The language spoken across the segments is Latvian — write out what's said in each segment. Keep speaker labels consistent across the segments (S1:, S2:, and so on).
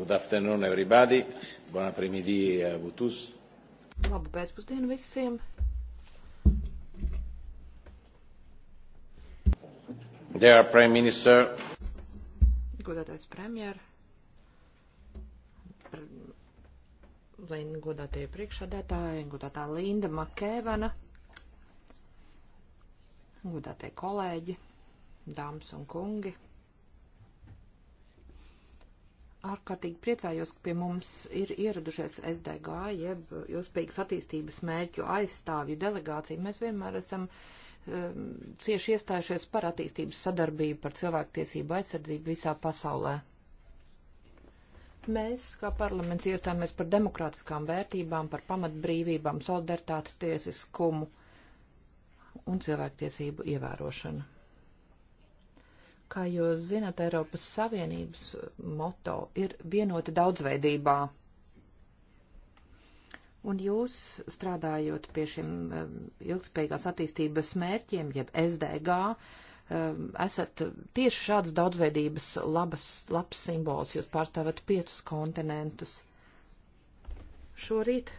S1: Good afternoon, everybody. Buon aprīmīdī a eh, tous.
S2: Labu pēcpusdienu visiem.
S1: Dear Prime Minister.
S2: Godātais premjer. Godātie priekšādētāji, godātā Linda Makēvana. Godātie kolēģi, dāmas un kungi ārkārtīgi priecājos, ka pie mums ir ieradušies SDG, jeb ilgspējīgas attīstības mērķu aizstāvju delegācija. Mēs vienmēr esam um, cieši iestājušies par attīstības sadarbību, par cilvēktiesību aizsardzību visā pasaulē. Mēs, kā parlaments, iestājāmies par demokrātiskām vērtībām, par pamatbrīvībām, solidaritāti, tiesiskumu un cilvēktiesību ievērošanu. Kā jūs zināt, Eiropas Savienības uh, moto ir vienota daudzveidībā. Un jūs strādājot pie šiem um, ilgspējīgās attīstības mērķiem, jeb SDG, um, esat tieši šāds daudzveidības labas, labs simbols. Jūs pārstāvat piecus kontinentus. Šorīt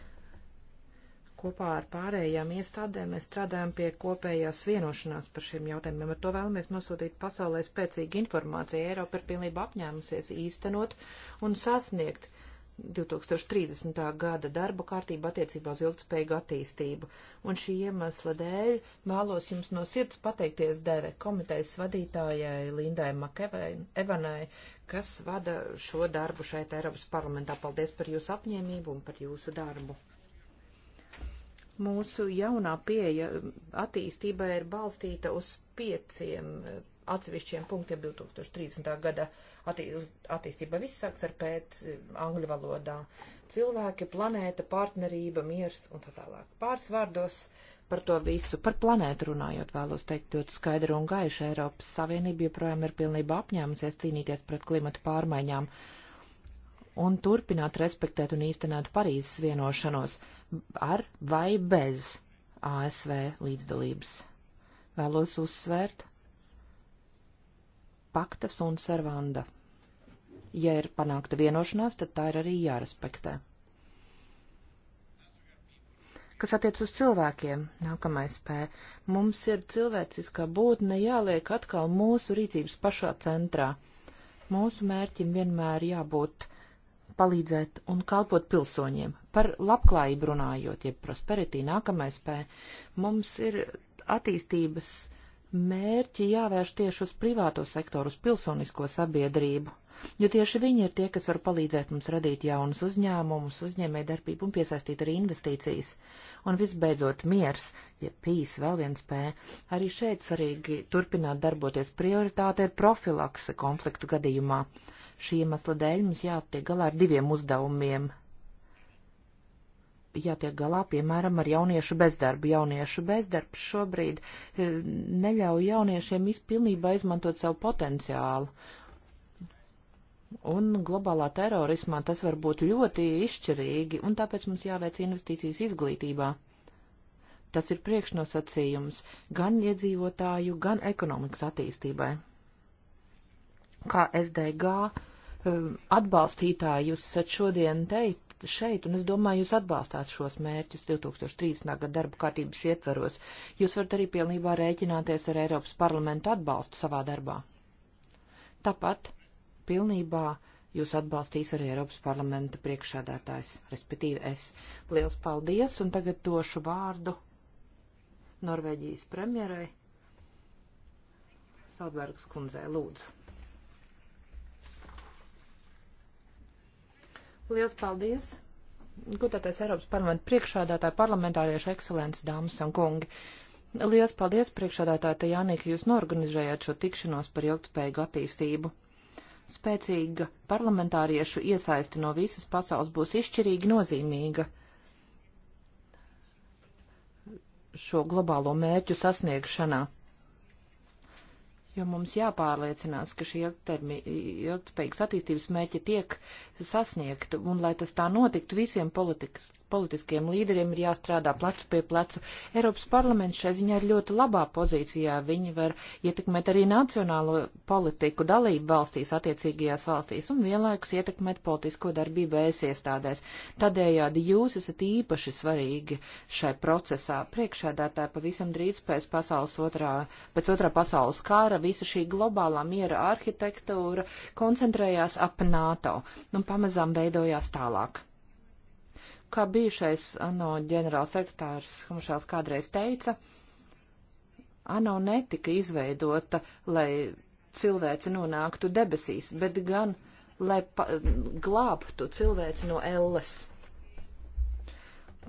S2: kopā ar pārējām iestādēm mēs strādājam pie kopējās vienošanās par šiem jautājumiem. Ar to vēlamies nosūtīt pasaulē spēcīgu informāciju. Eiropa ir pilnībā apņēmusies īstenot un sasniegt 2030. gada darba kārtību attiecībā uz ilgspējīgu attīstību. Un šī iemesla dēļ vēlos jums no sirds pateikties Deve komitejas vadītājai Lindai Makevanai, kas vada šo darbu šeit Eiropas parlamentā. Paldies par jūsu apņēmību un par jūsu darbu. Mūsu jaunā pieeja attīstībai ir balstīta uz pieciem eh, atsevišķiem punktiem 2030. gada attī, attīstībā. Viss sāks ar pēc eh, angļu valodā. Cilvēki, planēta, partnerība, miers un tā tālāk. Pāris vārdos par to visu. Par planētu runājot vēlos teikt ļoti skaidru un gaišu. Eiropas Savienība joprojām ir pilnībā apņēmusies cīnīties pret klimatu pārmaiņām un turpināt respektēt un īstenēt Parīzes vienošanos ar vai bez ASV līdzdalības. Vēlos uzsvērt paktas un servanda. Ja ir panākta vienošanās, tad tā ir arī jārespektē. Kas attiec uz cilvēkiem, nākamais pē, mums ir cilvēciskā būtne jāliek atkal mūsu rīcības pašā centrā. Mūsu mērķim vienmēr jābūt palīdzēt un kalpot pilsoņiem, Par labklājību runājot, jeb prosperity nākamais pē, mums ir attīstības mērķi jāvērš tieši uz privāto sektoru, uz pilsonisko sabiedrību, jo tieši viņi ir tie, kas var palīdzēt mums radīt jaunus uzņēmumus, uzņēmē darbību un piesaistīt arī investīcijas. Un visbeidzot, miers, ja pīs vēl viens pē, arī šeit svarīgi turpināt darboties prioritāte ir profilakse konfliktu gadījumā. Šī iemesla dēļ mums jātiek galā ar diviem uzdevumiem jātiek galā, piemēram, ar jauniešu bezdarbu. Jauniešu bezdarbs šobrīd e, neļauj jauniešiem izpilnībā izmantot savu potenciālu. Un globālā terorismā tas var būt ļoti izšķirīgi, un tāpēc mums jāveic investīcijas izglītībā. Tas ir priekšnosacījums gan iedzīvotāju, gan ekonomikas attīstībai. Kā SDG e, atbalstītāji jūs šodien teikt, panākt šeit, un es domāju, jūs atbalstāt šos mērķus 2030. gada darba kārtības ietveros. Jūs varat arī pilnībā rēķināties ar Eiropas parlamentu atbalstu savā darbā. Tāpat pilnībā jūs atbalstīs arī Eiropas parlamenta priekšsādātājs, respektīvi es. Liels paldies, un tagad došu vārdu Norvēģijas premjerai Saldbergas kundzei. Lūdzu. Liels paldies! Gudātais Eiropas parlamenta priekšādātāja parlamentāriešu ekscelences dāmas un kungi. Liels paldies priekšādātāja Tajānī, ka jūs norganizējāt šo tikšanos par ilgtspējīgu attīstību. Spēcīga parlamentāriešu iesaisti no visas pasaules būs izšķirīgi nozīmīga šo globālo mērķu sasniegšanā jo mums jāpārliecinās, ka šie ilgtermi, ilgspējīgas attīstības mērķi tiek sasniegti, un lai tas tā notiktu, visiem politikas politiskiem līderiem ir jāstrādā plecu pie plecu. Eiropas parlaments šai ziņā ir ļoti labā pozīcijā. Viņi var ietekmēt arī nacionālo politiku dalību valstīs, attiecīgajās valstīs, un vienlaikus ietekmēt politisko darbību es iestādēs. Tādējādi jūs esat īpaši svarīgi šai procesā. Priekšēdētāji pavisam drīz pēc pasaules otrā, pēc otrā pasaules kāra visa šī globālā miera arhitektūra koncentrējās ap NATO un pamazām veidojās tālāk. Kā bijušais ANO ģenerālsekretārs Humšāls kādreiz teica, ANO netika izveidota, lai cilvēci nonāktu debesīs, bet gan, lai pa, glābtu cilvēci no elles.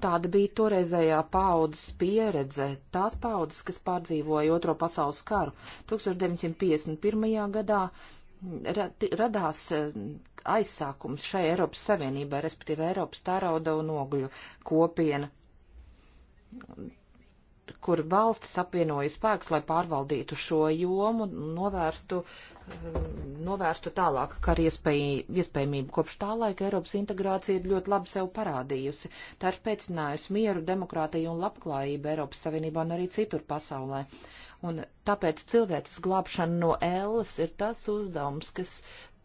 S2: Tāda bija toreizējā paudas pieredze, tās paudas, kas pārdzīvoja Otro pasaules karu. 1951. gadā radās e, aizsākums šai Eiropas Savienībai, respektīvi Eiropas tārauda un ogļu kopiena kur valstis apvienoja spēkus, lai pārvaldītu šo jomu, novērstu, um, novērstu tālāk, ka ar iespēj, iespējamību kopš tā laika Eiropas integrācija ir ļoti labi sev parādījusi. Tā ir spēcinājusi mieru, demokrātiju un labklājību Eiropas Savienībā un arī citur pasaulē. Un tāpēc cilvēks glābšana no ēlas ir tas uzdevums, kas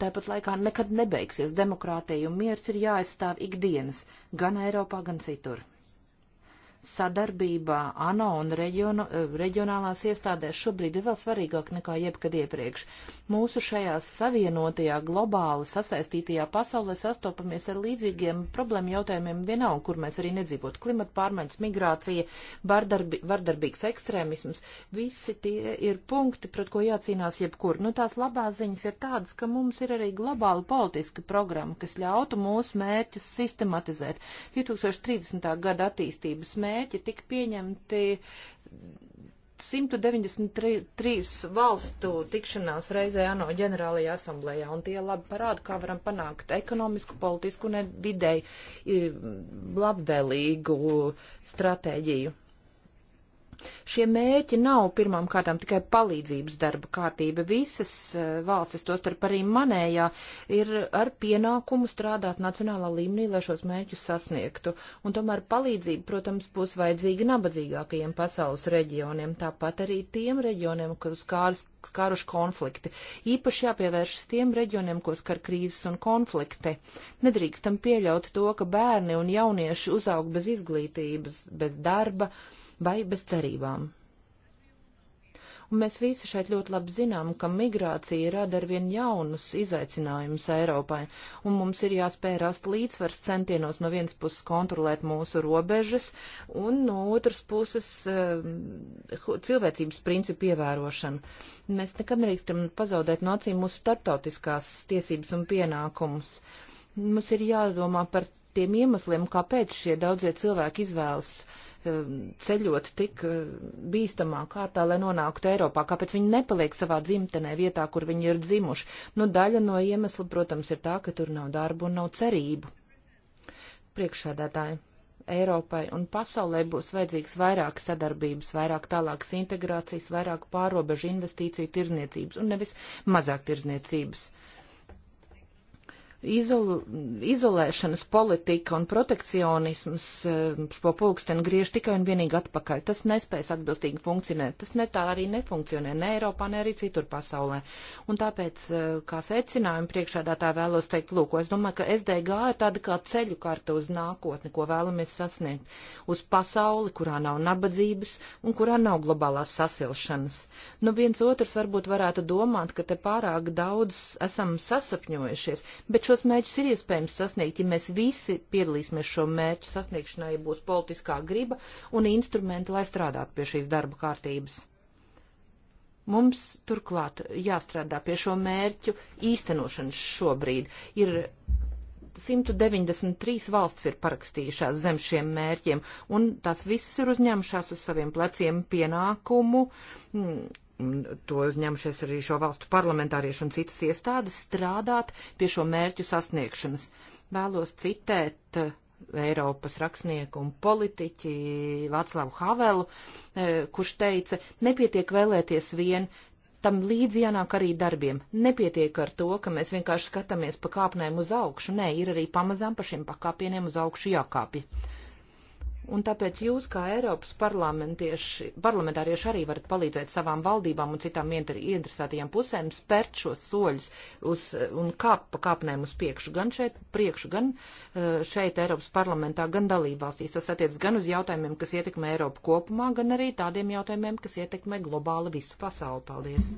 S2: tāpat laikā nekad nebeigsies. Demokrātija un miers ir jāaizstāv ikdienas, gan Eiropā, gan citur sadarbībā ANO un reģionu, eh, reģionālās iestādēs šobrīd ir vēl svarīgāk nekā jebkad iepriekš. Mūsu šajā savienotajā, globāli sasaistītajā pasaulē sastopamies ar līdzīgiem problēmu jautājumiem vienalga, kur mēs arī nedzīvot. Klimata pārmaiņas, migrācija, bardarbi, vardarbīgs ekstrēmisms, visi tie ir punkti, pret ko jācīnās jebkur. Nu, tās labās ziņas ir tādas, ka mums ir arī globāla politiska programma, kas ļautu mūsu mērķus sistematizēt. 2030. gada attīstības mērķi mērķi tika pieņemti 193 valstu tikšanās reizē ANO ģenerālajā asamblējā, un tie labi parāda, kā varam panākt ekonomisku, politisku un vidēji labvēlīgu stratēģiju. Šie mērķi nav pirmām kārtām tikai palīdzības darba kārtība. Visas eh, valstis, tostarp arī manējā, ir ar pienākumu strādāt nacionālā līmenī, lai šos mērķus sasniegtu. Un tomēr palīdzība, protams, būs vajadzīga nabadzīgākajiem pasaules reģioniem, tāpat arī tiem reģioniem, kurus kārs skāruši konflikti. Īpaši jāpievēršas tiem reģioniem, ko skar krīzes un konflikti. Nedrīkstam pieļaut to, ka bērni un jaunieši uzaug bez izglītības, bez darba, uh, vai bez cerībām. Un mēs visi šeit ļoti labi zinām, ka migrācija rada arvien jaunus izaicinājumus Eiropai, un mums ir jāspēj rast līdzsvars centienos no vienas puses kontrolēt mūsu robežas, un no otras puses eh, cilvēcības principu ievērošanu. Mēs nekad nerīkstam pazaudēt no acīm mūsu startautiskās tiesības un pienākumus. Mums ir jādomā par tiem iemesliem, kāpēc šie daudzie cilvēki izvēlas uh, Um, ceļot tik uh, bīstamā kārtā, lai nonāktu Eiropā, kāpēc viņi nepaliek savā dzimtenē vietā, kur viņi ir dzimuši. Nu, daļa no iemesla, protams, ir tā, ka tur nav darbu un nav cerību. Priekšsēdētāji. Eiropai un pasaulē būs vajadzīgs vairāk sadarbības, vairāk tālākas integrācijas, vairāk pārobežu investīciju tirzniecības un nevis mazāk tirzniecības izol, izolēšanas politika un protekcionisms šo eh, pulksteni griež tikai un vienīgi atpakaļ. Tas nespējas atbilstīgi funkcionēt. Tas ne tā arī nefunkcionē ne Eiropā, ne arī citur pasaulē. Un tāpēc, eh, kā secinājumu priekšādā tā vēlos teikt, lūk, es domāju, ka SDG ir tāda kā ceļu karta uz nākotni, ko vēlamies sasniegt. Uz pasauli, kurā nav nabadzības un kurā nav globālās sasilšanas. Nu, viens otrs varbūt varētu domāt, ka te pārāk daudz esam sasapņojušies, bet šos mērķus ir iespējams sasniegt, ja mēs visi piedalīsimies šo mērķu sasniegšanā, ja būs politiskā griba un instrumenti, lai strādātu pie šīs darba kārtības. Mums turklāt jāstrādā pie šo mērķu īstenošanas šobrīd. Ir 193 valsts ir parakstījušās zem šiem mērķiem, un tās visas ir uzņēmušās uz saviem pleciem pienākumu. Mm, un to uzņemšies arī šo valstu parlamentārieši un citas iestādes, strādāt pie šo mērķu sasniegšanas. Vēlos citēt eh, Eiropas rakstnieku un politiķi Vāclavu Havelu, eh, kurš teica, nepietiek vēlēties vien, tam līdzi jānāk arī darbiem. Nepietiek ar to, ka mēs vienkārši skatāmies pa kāpnēm uz augšu. Nē, ir arī pamazām pa šiem pakāpieniem uz augšu jākāpja. Un tāpēc jūs, kā Eiropas parlamentārieši, arī varat palīdzēt savām valdībām un citām interesētajām pusēm spērt šos soļus uz, un kāp pa kāpnēm uz priekšu, gan šeit, priekšu, gan eh, šeit Eiropas parlamentā, gan dalībvalstīs. Tas attiec gan uz jautājumiem, kas ietekmē Eiropu kopumā, gan arī tādiem jautājumiem, kas ietekmē globāli visu pasauli. Paldies!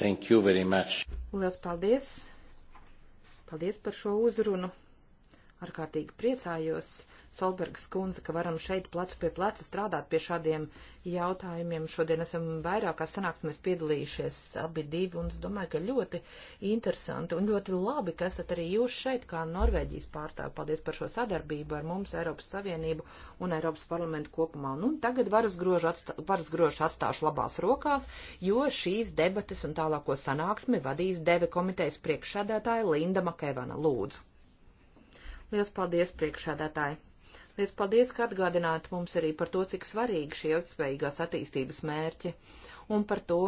S1: Thank you very much.
S2: Lielas paldies! Paldies par šo uzrunu! ārkārtīgi priecājos, Solbergas kundze, ka varam šeit plecu pie pleca strādāt pie šādiem jautājumiem. Šodien esam vairākās sanāksmēs piedalījušies abi divi, un es domāju, ka ļoti interesanti un ļoti labi, ka esat arī jūs šeit kā Norvēģijas pārstāvi. Paldies par šo sadarbību ar mums, Eiropas Savienību un Eiropas parlamentu kopumā. Un, nu, un tagad varas grožu, atstā, varas grožu atstāšu labās rokās, jo šīs debates un tālāko sanāksmi vadīs deve komitejas priekšsēdētāja Linda Makevana. Lūdzu. Liels paldies, priekšādātāji! Liels paldies, ka atgādināt mums arī par to, cik svarīgi šie ilgspējīgās attīstības mērķi un par to,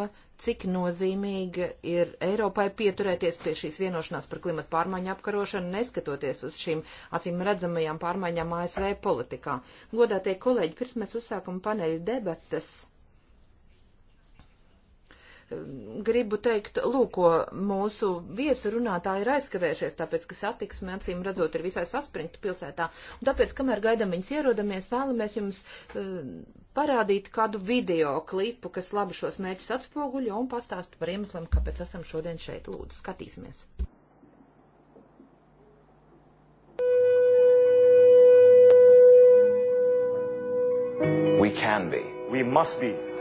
S2: cik nozīmīgi ir Eiropai pieturēties pie šīs vienošanās par klimatu pārmaiņu apkarošanu, neskatoties uz šīm acīm redzamajām pārmaiņām ASV politikā. Godātie kolēģi, pirms mēs uzsākam paneļa debatas, gribu teikt, lūk, mūsu viesu runātāji ir aizkavējušies, tāpēc, ka satiksme, acīm redzot, ir visai saspringta pilsētā. Un tāpēc, kamēr gaidām viņas ierodamies, vēlamies jums uh, parādīt kādu video klipu, kas labi šos mērķus atspoguļo un pastāst par iemesliem, kāpēc esam šodien šeit. Lūdzu, skatīsimies! We can be. We must be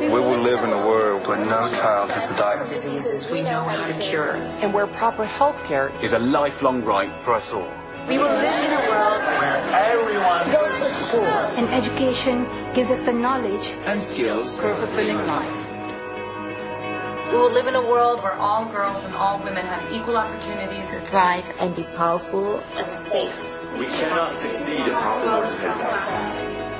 S1: We will live in a world where no child has to die of diseases
S3: we know how to cure,
S2: and where proper health care
S1: is a lifelong right for us all.
S3: We will live in a world where everyone goes to school, and education gives us the
S1: knowledge
S2: and skills for a fulfilling life.
S1: We will live in a world where all girls and all women have equal opportunities to
S2: thrive and be powerful and safe. We cannot succeed if the world is head down.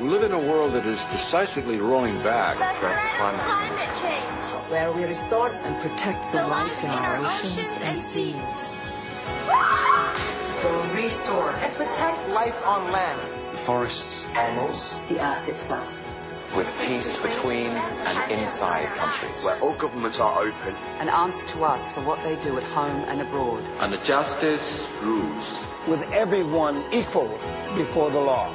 S3: live in a world that is decisively rolling back climate change. Where we restore and protect the, the life in our oceans, oceans and seas. Ah! We'll restore and protect life on land.
S1: The forests,
S2: animals, the earth itself.
S1: With peace between and inside countries. Where all governments are open.
S2: And answer to us for what they do at home and abroad.
S1: And the justice rules.
S3: With everyone equal before the law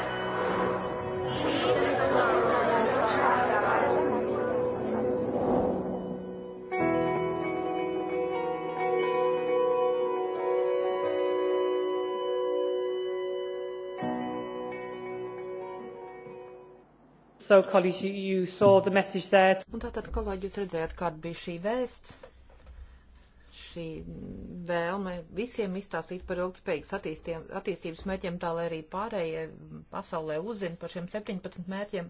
S2: So, colleagues, you, you
S1: saw the message there.
S2: Un tātad, kolēģi, jūs redzējāt, kāda bija šī vēsts, šī vēlme visiem izstāstīt par ilgspējīgas attīstības mērķiem, tā lai arī pārējie pasaulē uzzina par šiem 17 mērķiem.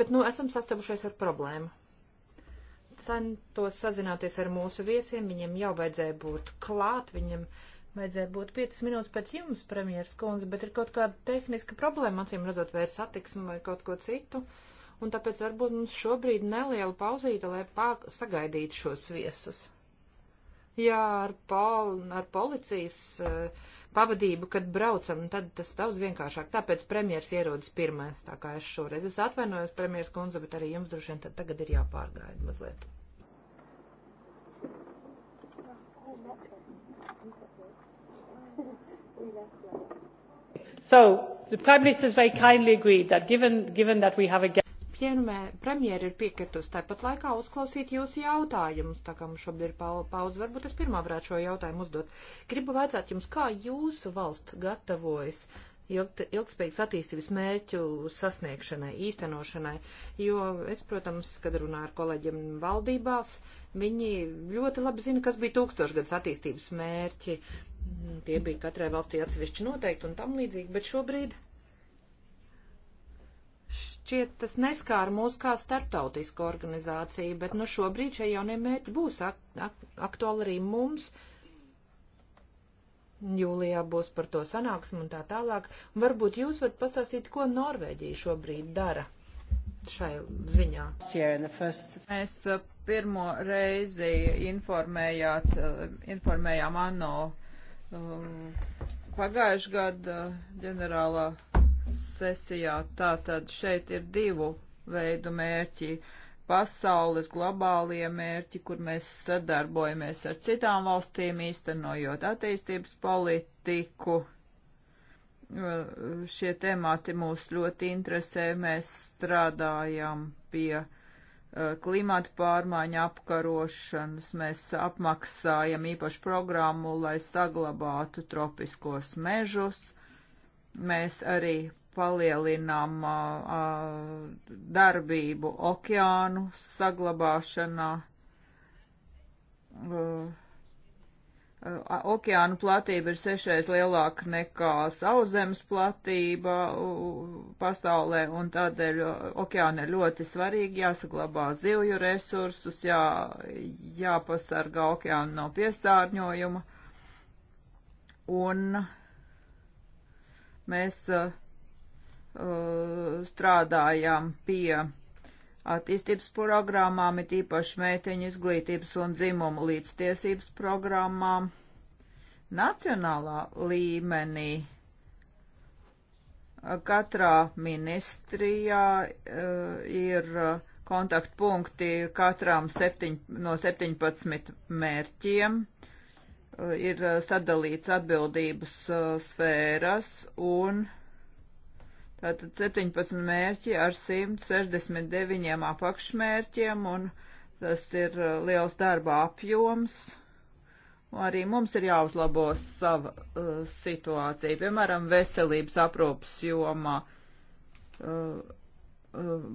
S2: Bet, nu, esam sastapušies ar problēmu centos sazināties ar mūsu viesiem, viņiem jau vajadzēja būt klāt, viņiem Vajadzēja būt 5 minūtes pēc jums, premjeras kundze, bet ir kaut kāda tehniska problēma, acīm redzot, vai ir satiksme vai kaut ko citu. Un tāpēc varbūt mums šobrīd neliela pauzīte, lai pāk sagaidītu šos viesus. Jā, ar, pol, ar policijas uh, pavadību, kad braucam, tad tas daudz vienkāršāk. Tāpēc premjers ierodas pirmais, tā kā es šoreiz. Es atvainojos, premjers kundze, bet arī jums droši vien tad tagad ir jāpārgaida
S1: mazliet. So, the Prime Minister has very kindly
S2: agreed that given, given that we have a Premjeri ir piekritus tāpat laikā uzklausīt jūsu jautājumus, tā kā mums šobrīd ir pauze, varbūt es pirmā varētu šo jautājumu uzdot. Gribu vaicāt jums, kā jūsu valsts gatavojas ilgspējīgas attīstības mērķu sasniegšanai, īstenošanai, jo es, protams, kad runāju ar kolēģiem valdībās, viņi ļoti labi zina, kas bija tūkstošgads attīstības mērķi, Mm, tie bija katrai valstī atsevišķi noteikti un tam līdzīgi, bet šobrīd šķiet tas neskār mūs kā starptautisku organizāciju, bet nu šobrīd šie jaunie mērķi būs ak ak aktuāli arī mums. Jūlijā būs par to sanāksme un tā tālāk. Varbūt jūs varat pastāstīt, ko Norvēģija šobrīd dara šai ziņā.
S3: Mēs uh, pirmo reizi informējāt, uh, informējām ANO Um, pagājušā gada ģenerālā sesijā. Tātad šeit ir divu veidu mērķi pasaules globālie mērķi, kur mēs sadarbojamies ar citām valstīm, īstenojot attīstības politiku. Uh, šie temati mūs ļoti interesē, mēs strādājam pie uh, Eh, klimata pārmaiņu apkarošanas, mēs apmaksājam īpašu programmu, lai saglabātu tropiskos mežus. Mēs arī palielinām a, eh, a, eh, darbību okeānu saglabāšanā. A, Okeāna platība ir sešreiz lielāka nekā sauszemes platība pasaulē, un tādēļ okeāna ir ļoti svarīgi jāsaglabā zivju resursus, jā, jāpasargā okeāna no piesārņojuma. Un mēs uh, strādājām pie attīstības programmām, it īpaši meiteņu izglītības un dzimumu līdztiesības programmām. Nacionālā līmenī katrā ministrijā uh, ir kontaktpunkti katram septiņ, no 17 mērķiem, uh, ir sadalīts atbildības uh, sfēras un uh, Tātad 17 mērķi ar 169 apakšmērķiem, un tas ir uh, liels darba apjoms. Arī mums ir jāuzlabo sava uh, situācija, piemēram, veselības aprūpas jomā. Uh, uh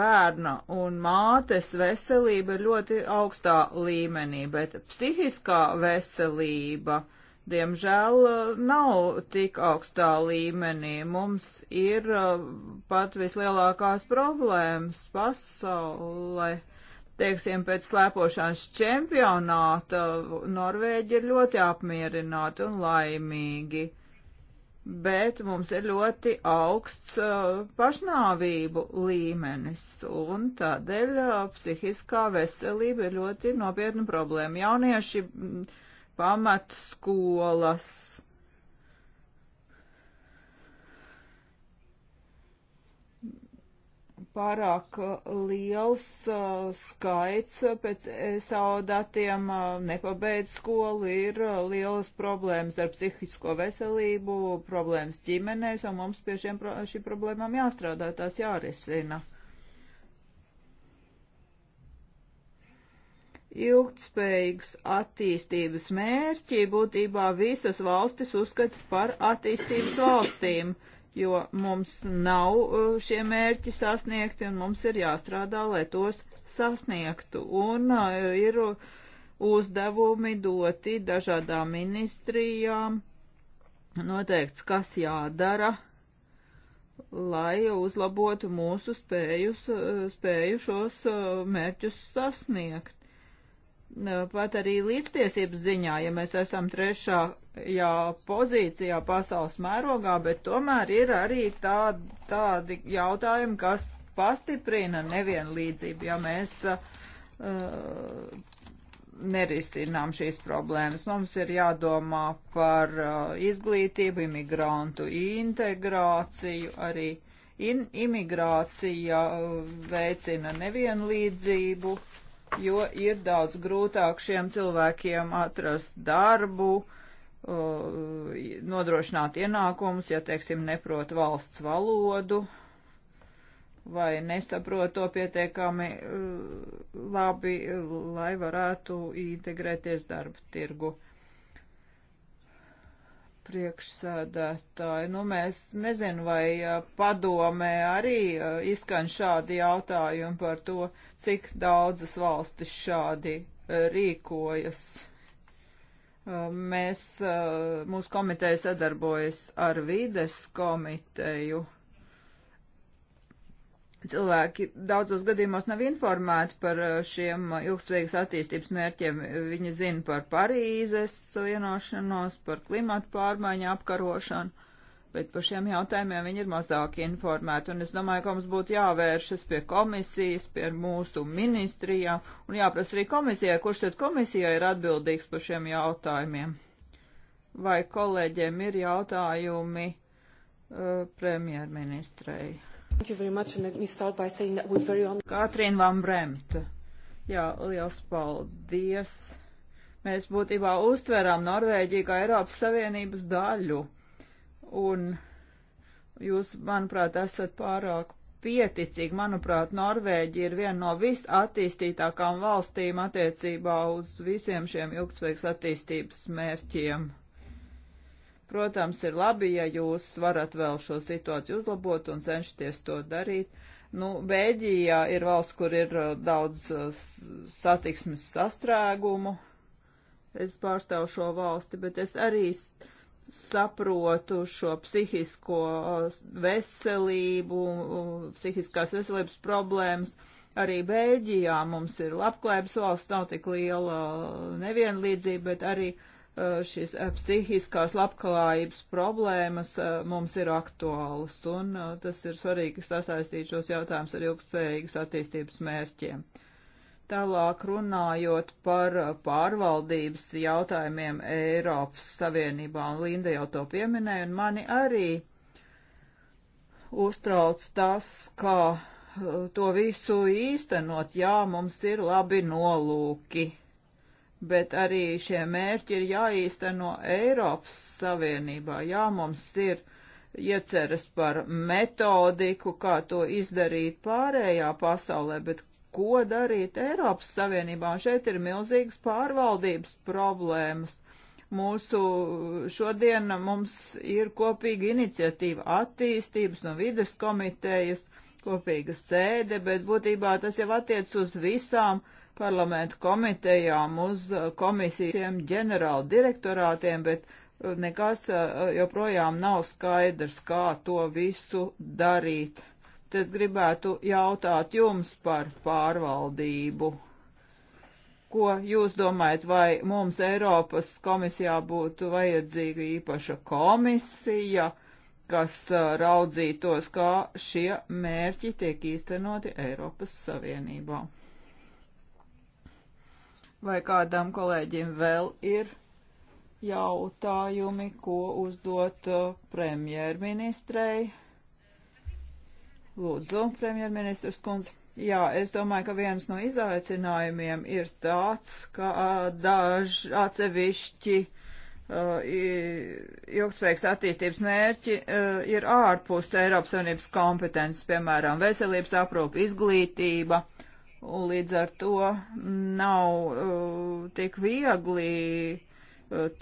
S3: bērna un mātes veselība ir ļoti augstā līmenī, bet psihiskā veselība uh, diemžēl uh, nav tik augstā līmenī. Mums ir uh, pat vislielākās problēmas pasaulē. Teiksim, pēc slēpošanas čempionāta Norvēģi ir ļoti apmierināti un laimīgi, bet mums ir ļoti augsts uh, pašnāvību līmenis, un tādēļ psihiskā veselība ir ļoti nopietna problēma. Jaunieši mm, pamatskolas. Pārāk uh, liels uh, skaits uh, pēc e SAO datiem uh, nepabeidz skolu, ir uh, lielas problēmas ar psihisko veselību, problēmas ģimenēs, un mums pie šiem, šī problēmām jāstrādā, tās jārisina. ilgtspējīgas attīstības mērķi būtībā visas valstis uzskata par attīstības valstīm, jo mums nav uh, šie mērķi sasniegti un mums ir jāstrādā, lai tos sasniegtu. Un uh, ir uzdevumi doti dažādām ministrijām, noteikts, kas jādara lai uzlabotu mūsu spējus, uh, spēju šos mērķus sasniegt pat arī līdztiesības ziņā, ja mēs esam trešajā pozīcijā pasaules mērogā, bet tomēr ir arī tādi, tādi jautājumi, kas pastiprina nevienlīdzību, ja mēs uh, nerisinām šīs problēmas. Mums ir jādomā par uh, izglītību, imigrantu integrāciju, arī in imigrācija uh, veicina nevienlīdzību. Uh, jo ir daudz grūtāk šiem cilvēkiem atrast darbu, uh, nodrošināt ienākumus, ja, teiksim, neprot valsts valodu vai nesaprot to pietiekami uh, labi, lai varētu integrēties darba tirgu priekšsēdētāji. Nu, mēs nezinu, vai padomē arī izskan šādi jautājumi par to, cik daudzas valstis šādi rīkojas. Mēs, mūsu komiteja sadarbojas ar vides komiteju cilvēki daudzos gadījumos nav informēti par eh, šiem eh, ilgspējīgas attīstības mērķiem. Viņi zina par Parīzes vienošanos, par klimatu pārmaiņu apkarošanu, bet par šiem jautājumiem viņi ir mazāk informēti. Un es domāju, ka mums būtu jāvēršas pie komisijas, pie mūsu ministrijām un jāprasa arī komisijai, kurš tad komisijai ir atbildīgs par šiem jautājumiem. Vai kolēģiem ir jautājumi uh, premjerministrei? Katrīna Vambremta. Jā, liels paldies. Mēs būtībā uztverām Norvēģiju kā Eiropas Savienības daļu. Un jūs, manuprāt, esat pārāk pieticīgi. Manuprāt, Norvēģija ir viena no visattīstītākām valstīm attiecībā uz visiem šiem ilgspējīgas attīstības mērķiem. Protams, ir labi, ja jūs varat vēl šo situāciju uzlabot un cenšaties to darīt. Nu, Bēģijā ir valsts, kur ir uh, daudz uh, satiksmes sastrēgumu. Es pārstāvu šo valsti, bet es arī saprotu šo psihisko uh, veselību, psihiskās veselības problēmas. Arī Bēģijā mums ir labklājības valsts, nav tik liela nevienlīdzība, bet arī uh, Eh, šīs eh, psihiskās labklājības problēmas eh, mums ir aktuālas, un tas ir svarīgi sasaistīt šos jautājumus ar ilgspējīgas attīstības mērķiem. Tālāk runājot par pārvaldības jautājumiem Eiropas Savienībā, un Linda jau to pieminēja, un mani arī uztrauc tas, kā to visu īstenot, jā, mums ir labi nolūki bet arī šie mērķi ir jāīsteno Eiropas Savienībā. Jā, mums ir ieceras par metodiku, kā to izdarīt pārējā pasaulē, bet ko darīt Eiropas Savienībā? Un šeit ir milzīgas pārvaldības problēmas. Mūsu šodien mums ir kopīga iniciatīva attīstības no vides komitejas. Uh, kopīga sēde, bet būtībā tas jau attiec uz visām parlamentu komitejām, uz uh, komisijām, ģenerāla direktorātiem, bet uh, nekas uh, joprojām nav skaidrs, kā to visu darīt. Es gribētu jautāt jums par pārvaldību. Ko jūs domājat, vai mums Eiropas komisijā būtu vajadzīga īpaša komisija? kas raudzītos, kā šie mērķi tiek īstenoti Eiropas Savienībā. Vai kādam kolēģim vēl ir jautājumi, ko uzdot premjerministrei? Lūdzu, premjerministrs kundze. Jā, es domāju, ka viens no izaicinājumiem ir tāds, ka daži atsevišķi uh, Uh, ilgspējīgas attīstības mērķi uh, ir ārpus Eiropas Savienības kompetences, piemēram, veselības aprūpa, izglītība, un līdz ar to nav uh, tik viegli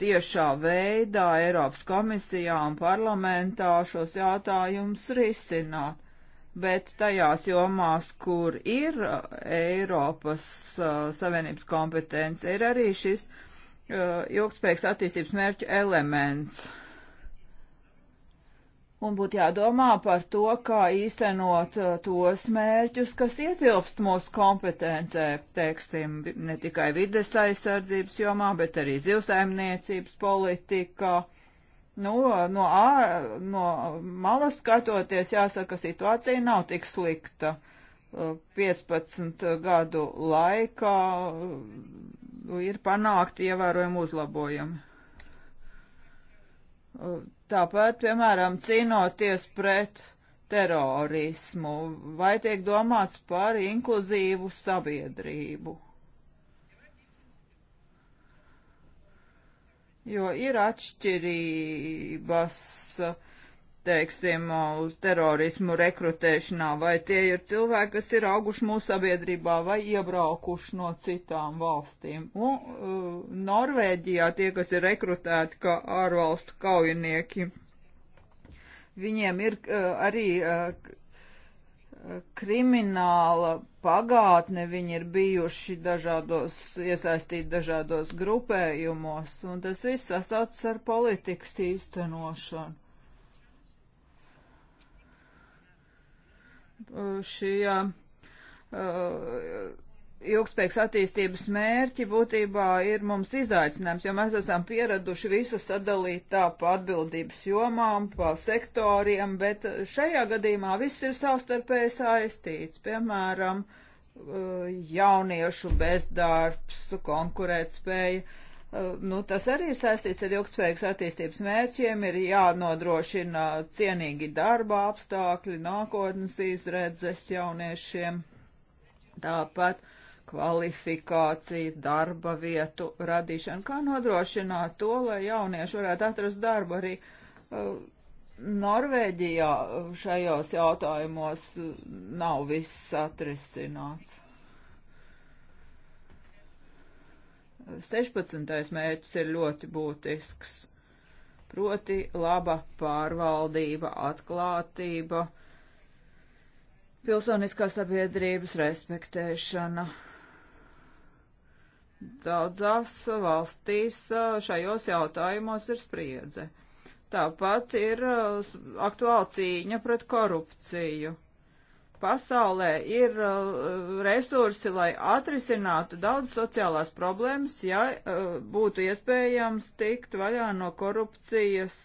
S3: tiešā veidā Eiropas komisijā un parlamentā šos jautājumus risināt. Bet tajās jomās, kur ir Eiropas Savienības kompetence, ir arī šis uh, Uh, ilgspējīgas attīstības mērķu elements. Un būtu jādomā par to, kā īstenot uh, tos mērķus, kas ietilpst mūsu kompetencē, teiksim, ne tikai vides aizsardzības jomā, bet arī zivsaimniecības politikā. Nu, no, ār, no malas skatoties, jāsaka, situācija nav tik slikta. 15 uh, gadu laikā ir panākti ievērojami uzlabojumi. Tāpat, piemēram, cīnoties pret terorismu, vai tiek domāts par inkluzīvu sabiedrību? Jo ir atšķirības uh, teiksim, terorismu rekrutēšanā, vai tie ir cilvēki, kas ir auguši mūsu sabiedrībā vai iebraukuši no citām valstīm. Un uh, Norvēģijā tie, kas ir rekrutēti kā ārvalstu kaujinieki, viņiem ir uh, arī uh, krimināla pagātne, viņi ir bijuši dažādos, iesaistīti dažādos grupējumos, un tas viss sasaucas ar politikas īstenošanu šie uh, ilgspējīgas attīstības mērķi būtībā ir mums izaicinājums, jo mēs esam pieraduši visu sadalīt tā pa atbildības jomām, pa sektoriem, bet šajā gadījumā viss ir savstarpēji saistīts. Piemēram, uh, jauniešu bezdarbs, konkurētspēja Eh, nu, tas arī ir saistīts ar ilgspējīgas attīstības mērķiem, ir jānodrošina cienīgi darba apstākļi, nākotnes izredzes jauniešiem, tāpat kvalifikācija, darba vietu radīšana. Kā nodrošināt to, lai jaunieši varētu atrast darbu arī uh, Norvēģijā eh, šajos jautājumos nav viss atrisināts. 16. mērķis ir ļoti būtisks, proti laba pārvaldība, atklātība, pilsoniskā sabiedrības respektēšana. Daudzās valstīs šajos jautājumos ir spriedze. Tāpat ir aktuāla cīņa pret korupciju pasaulē ir uh, resursi, lai atrisinātu daudz sociālās problēmas, ja uh, būtu iespējams tikt vaļā no korupcijas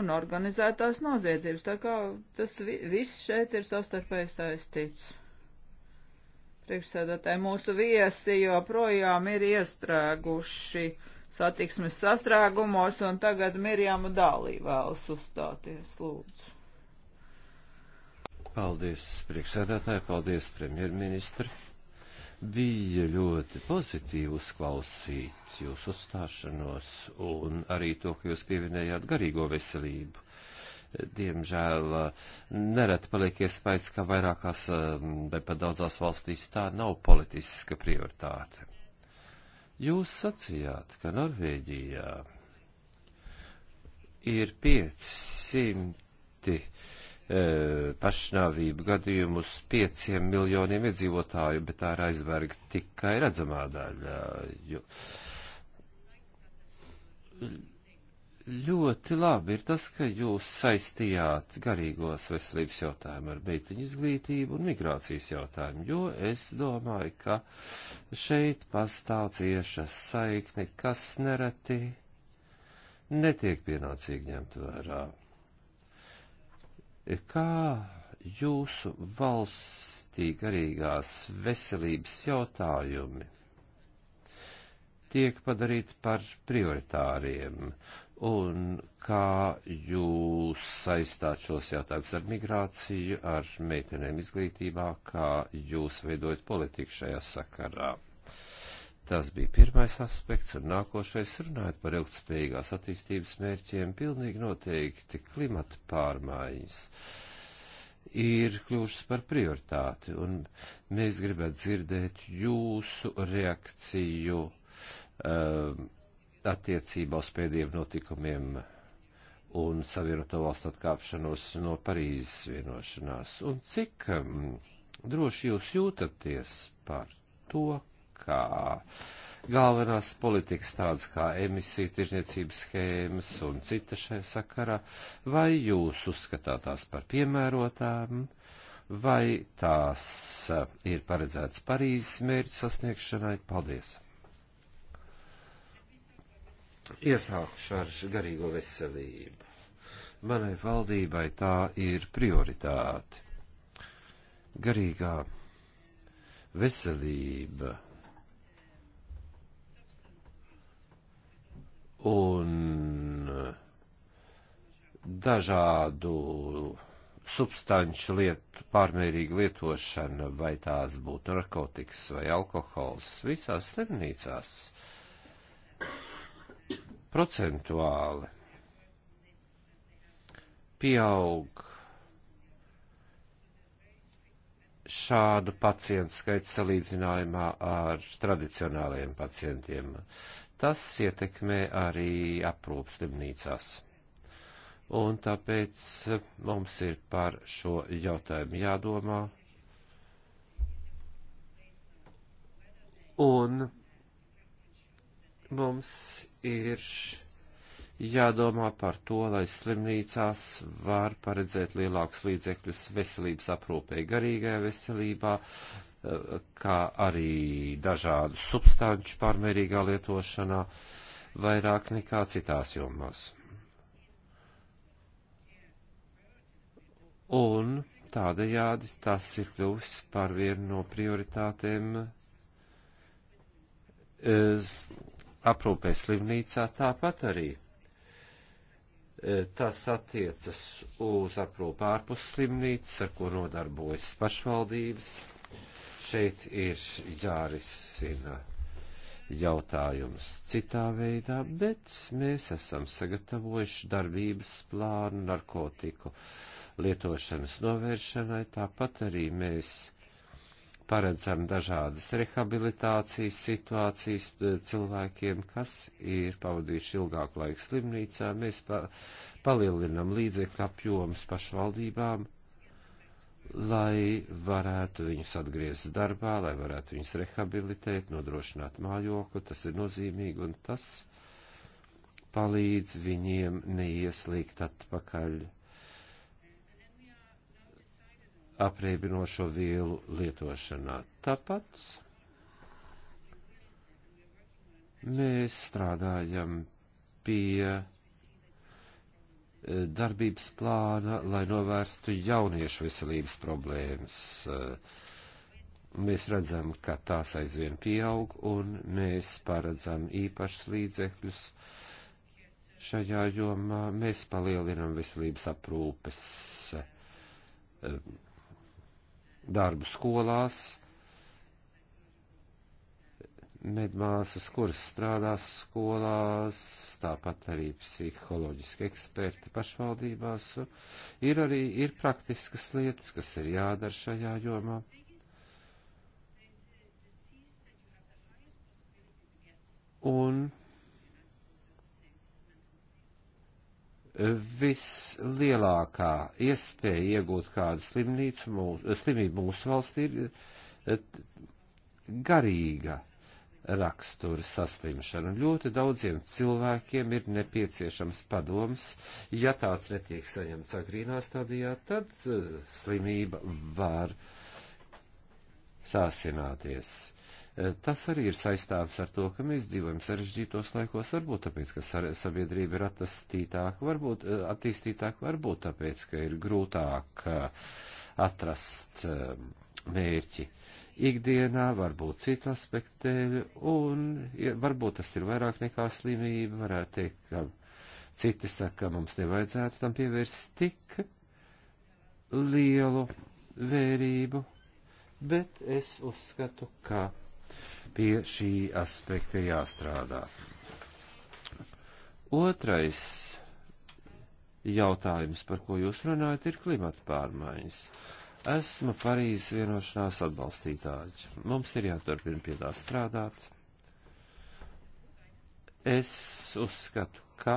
S3: un organizētās noziedzības. Tā kā tas viss šeit ir savstarpēji saistīts. Priekšsēdētāji mūsu viesi joprojām ir iestrēguši satiksmes sastrēgumos, un tagad Mirjama Dālī vēlas uzstāties, lūdzu.
S1: Paldies, priekšsēdētāji, paldies, premjerministri. Bija ļoti pozitīvi uzklausīt jūsu uzstāšanos un arī to, ka jūs pieminējāt garīgo veselību. Diemžēl eh, neret paliek iespējas, ka vairākās eh, vai pat daudzās valstīs tā nav politiska prioritāte. Jūs sacījāt, ka Norvēģijā ir 500 E, pašnāvību gadījumu uz pieciem miljoniem iedzīvotāju, bet tā ir aizverga tikai redzamā daļa. Jo... Ļoti labi ir tas, ka jūs saistījāt garīgos veselības jautājumu ar meitiņu izglītību un migrācijas jautājumu, jo es domāju, ka šeit pastāv cieša saikne, kas nereti netiek pienācīgi ņemt vērā. Kā jūsu valstī garīgās veselības jautājumi tiek padarīti par prioritāriem, un kā jūs saistāt šos jautājumus ar migrāciju, ar meitenēm izglītībā, kā jūs veidojat politiku šajā sakarā? Tas bija pirmais aspekts, un nākošais runājot par ilgtspējīgās attīstības mērķiem, pilnīgi noteikti klimata pārmaiņas ir kļuvušas par prioritāti, un mēs gribētu dzirdēt jūsu reakciju um, attiecībā uz pēdējiem notikumiem un savienoto valstu atkāpšanos no Parīzes vienošanās, un cik um, droši jūs jūtaties par to, kā galvenās politikas tādas kā emisiju tirzniecības schēmas un cita šai sakarā, vai jūs uzskatāt tās par piemērotām, vai tās eh, ir paredzētas Parīzes mērķu sasniegšanai? Paldies! Iesākšu ar garīgo veselību. Manai valdībai tā ir prioritāte. Garīgā veselība un eh, dažādu substanču lietu, pārmērīga lietošana, vai tās būtu narkotikas vai alkohols, visās slimnīcās procentuāli pieaug šādu pacientu skaits salīdzinājumā ar tradicionālajiem pacientiem. Tas ietekmē arī aprūpas slimnīcās. Un tāpēc eh, mums ir par šo jautājumu jādomā. Un mums ir jādomā par to, lai slimnīcās var paredzēt lielākus līdzekļus veselības aprūpē, garīgajā veselībā, kā arī dažādu substanču pārmērīgā lietošanā vairāk nekā citās jomās. Un tādējādi tas ir kļuvis par vienu no prioritātēm e, aprūpē slimnīcā tāpat arī. E, tas attiecas uz aprūpē ārpus slimnīcas, ar ko nodarbojas pašvaldības šeit ir jārisina jautājums citā veidā, bet mēs esam sagatavojuši darbības plānu narkotiku lietošanas novēršanai, tāpat arī mēs paredzam dažādas rehabilitācijas situācijas e, cilvēkiem, kas ir pavadījuši ilgāku laiku slimnīcā. Mēs pa palielinam līdzekļu apjomus pašvaldībām, lai varētu viņus atgriezt darbā, lai varētu viņus rehabilitēt, nodrošināt mājokli, tas ir nozīmīgi un tas palīdz viņiem neieslīgt atpakaļ apreibinošo vielu lietošanā. Tāpat mēs strādājam pie E, darbības plāna, lai novērstu jauniešu veselības problēmas. E, mēs redzam, ka tās aizvien pieaug, un mēs paredzam īpašus līdzekļus. Šajā jomā mēs palielinam veselības aprūpes e, darbu skolās, medmāsas, kuras strādās skolās, tāpat arī psiholoģiski eksperti pašvaldībās. Ir arī ir praktiskas lietas, kas ir jādara šajā jomā. Un vislielākā iespēja iegūt kādu slimnīcu, mūs, slimību mūsu valstī ir eh, garīga rakstura saslimšanu. Ļoti daudziem cilvēkiem ir nepieciešams padoms. Ja tāds netiek saņemts agrīnā stadijā, tad eh, slimība var sāsināties. Eh, tas arī ir saistāms ar to, ka mēs dzīvojam sarežģītos laikos, varbūt tāpēc, ka sabiedrība ir attīstītāka, varbūt eh, attīstītāka, varbūt tāpēc, ka ir grūtāk atrast mērķi ikdienā, varbūt citu aspektu dēļ, un ja, varbūt tas ir vairāk nekā slimība, varētu teikt, ka citi saka, ka mums nevajadzētu tam pievērst tik lielu vērību, bet es uzskatu, ka pie šī aspekta jāstrādā. Otrais jautājums, par ko jūs runājat, ir klimata pārmaiņas. Uh, Esmu Parīzes vienošanās atbalstītāji. Mums ir jāturpina pie tā strādāt. Es uzskatu, ka,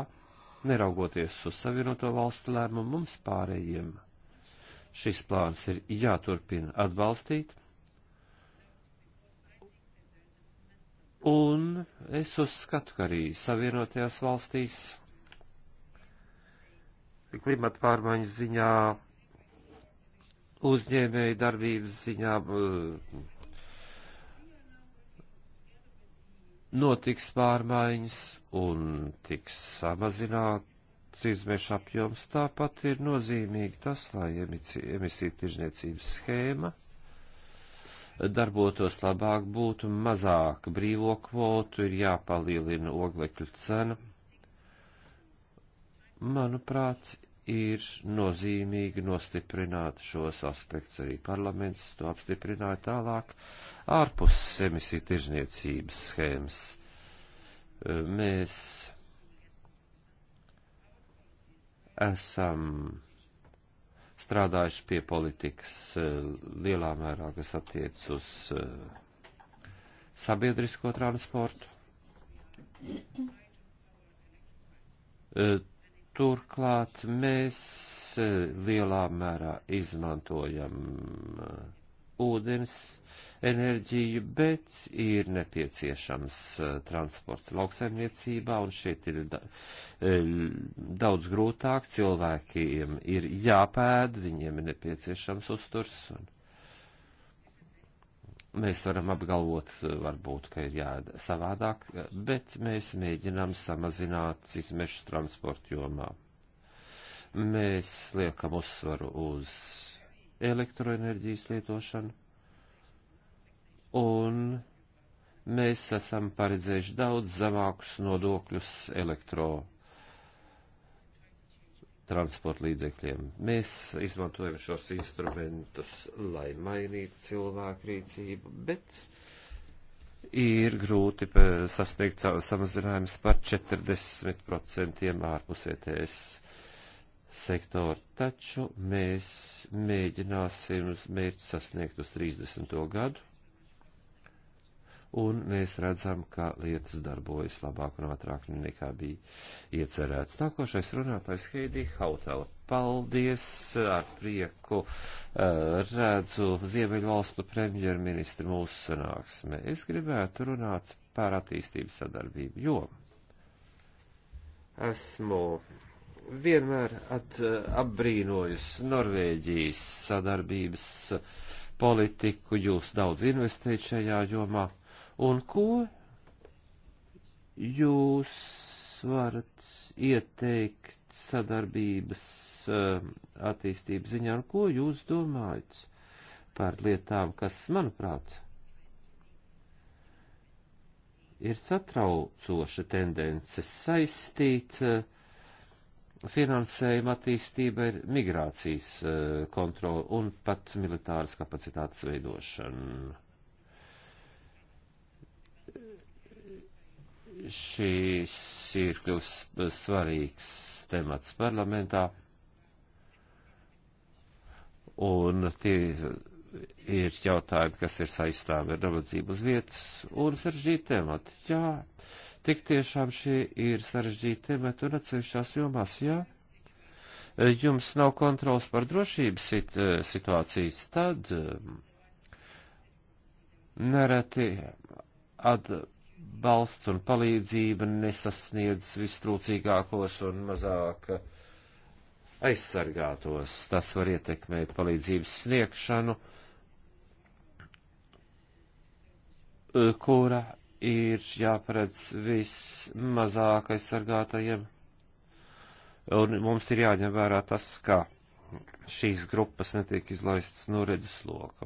S1: neraugoties uz savienoto valstu lēmumu, mums pārējiem šis plāns ir jāturpina atbalstīt. Un es uzskatu, ka arī savienotajās valstīs klimata pārmaiņas ziņā uzņēmēju darbības ziņā eh, notiks pārmaiņas un tiks samazināts izmešu apjoms. Tāpat ir nozīmīgi tas, lai emisiju tirzniecības schēma darbotos labāk, būtu mazāk brīvo kvotu, ir jāpalielina oglekļu cena. Manuprāt, ir nozīmīgi nostiprināt šos aspektus arī parlaments, to apstiprināja tālāk ārpus emisiju tirzniecības schēmas. E, mēs esam strādājuši pie politikas e, lielā mērā, kas attiec uz e, sabiedrisko transportu Turklāt mēs eh, lielā mērā izmantojam eh, ūdens enerģiju, bet ir nepieciešams eh, transports lauksaimniecībā, un šeit ir da daudz grūtāk. Cilvēkiem ir jāpēd, viņiem ir nepieciešams uzturs. Un Mēs varam apgalvot, eh, varbūt, ka ir jādara savādāk, eh, bet mēs mēģinām samazināt izmešu transporta jomā. Mēs liekam uzsvaru uz elektroenerģijas lietošanu un mēs esam paredzējuši daudz zemākus nodokļus elektroenerģijas transporta līdzekļiem. Mēs izmantojam šos instrumentus, lai mainītu cilvēku rīcību, bet ir grūti sasniegt samazinājumus par 40% ārpus ETS sektoru, taču mēs mēģināsim mērķi sasniegt uz 30. gadu un mēs redzam, ka lietas darbojas labāk un ātrāk nekā bija iecerēts. Nākošais runātājs Heidi Hautela. Paldies, ar prieku eh, redzu Ziemeļvalstu premjerministru mūsu sanāksmē. Es gribētu runāt par attīstības sadarbību, jo esmu vienmēr at, eh, apbrīnojus Norvēģijas sadarbības politiku, jūs daudz investējat šajā jomā un ko jūs varat ieteikt sadarbības um, attīstības ziņā, un ko jūs domājat par lietām, kas, manuprāt, ir satraucoša tendence saistīt uh, finansējumu attīstību ar migrācijas uh, kontroli un pat militāras kapacitātes veidošanu. šīs ir kļūst svarīgs temats parlamentā, un tie ir jautājumi, kas ir saistāmi ar nabadzību uz vietas, un saržģīti temati. Jā, tik tiešām šie ir saržģīti temati un atsevišķās jomās, jā. Jums nav kontrols par drošības sit situācijas, tad um, nereti ad atbalsts un palīdzība nesasniedz vistrūcīgākos un mazāk aizsargātos. Tas var ietekmēt palīdzības sniegšanu, kura ir jāparedz vismazāk aizsargātajiem. Un mums ir jāņem vērā tas, ka šīs grupas netiek izlaistas no redzesloka.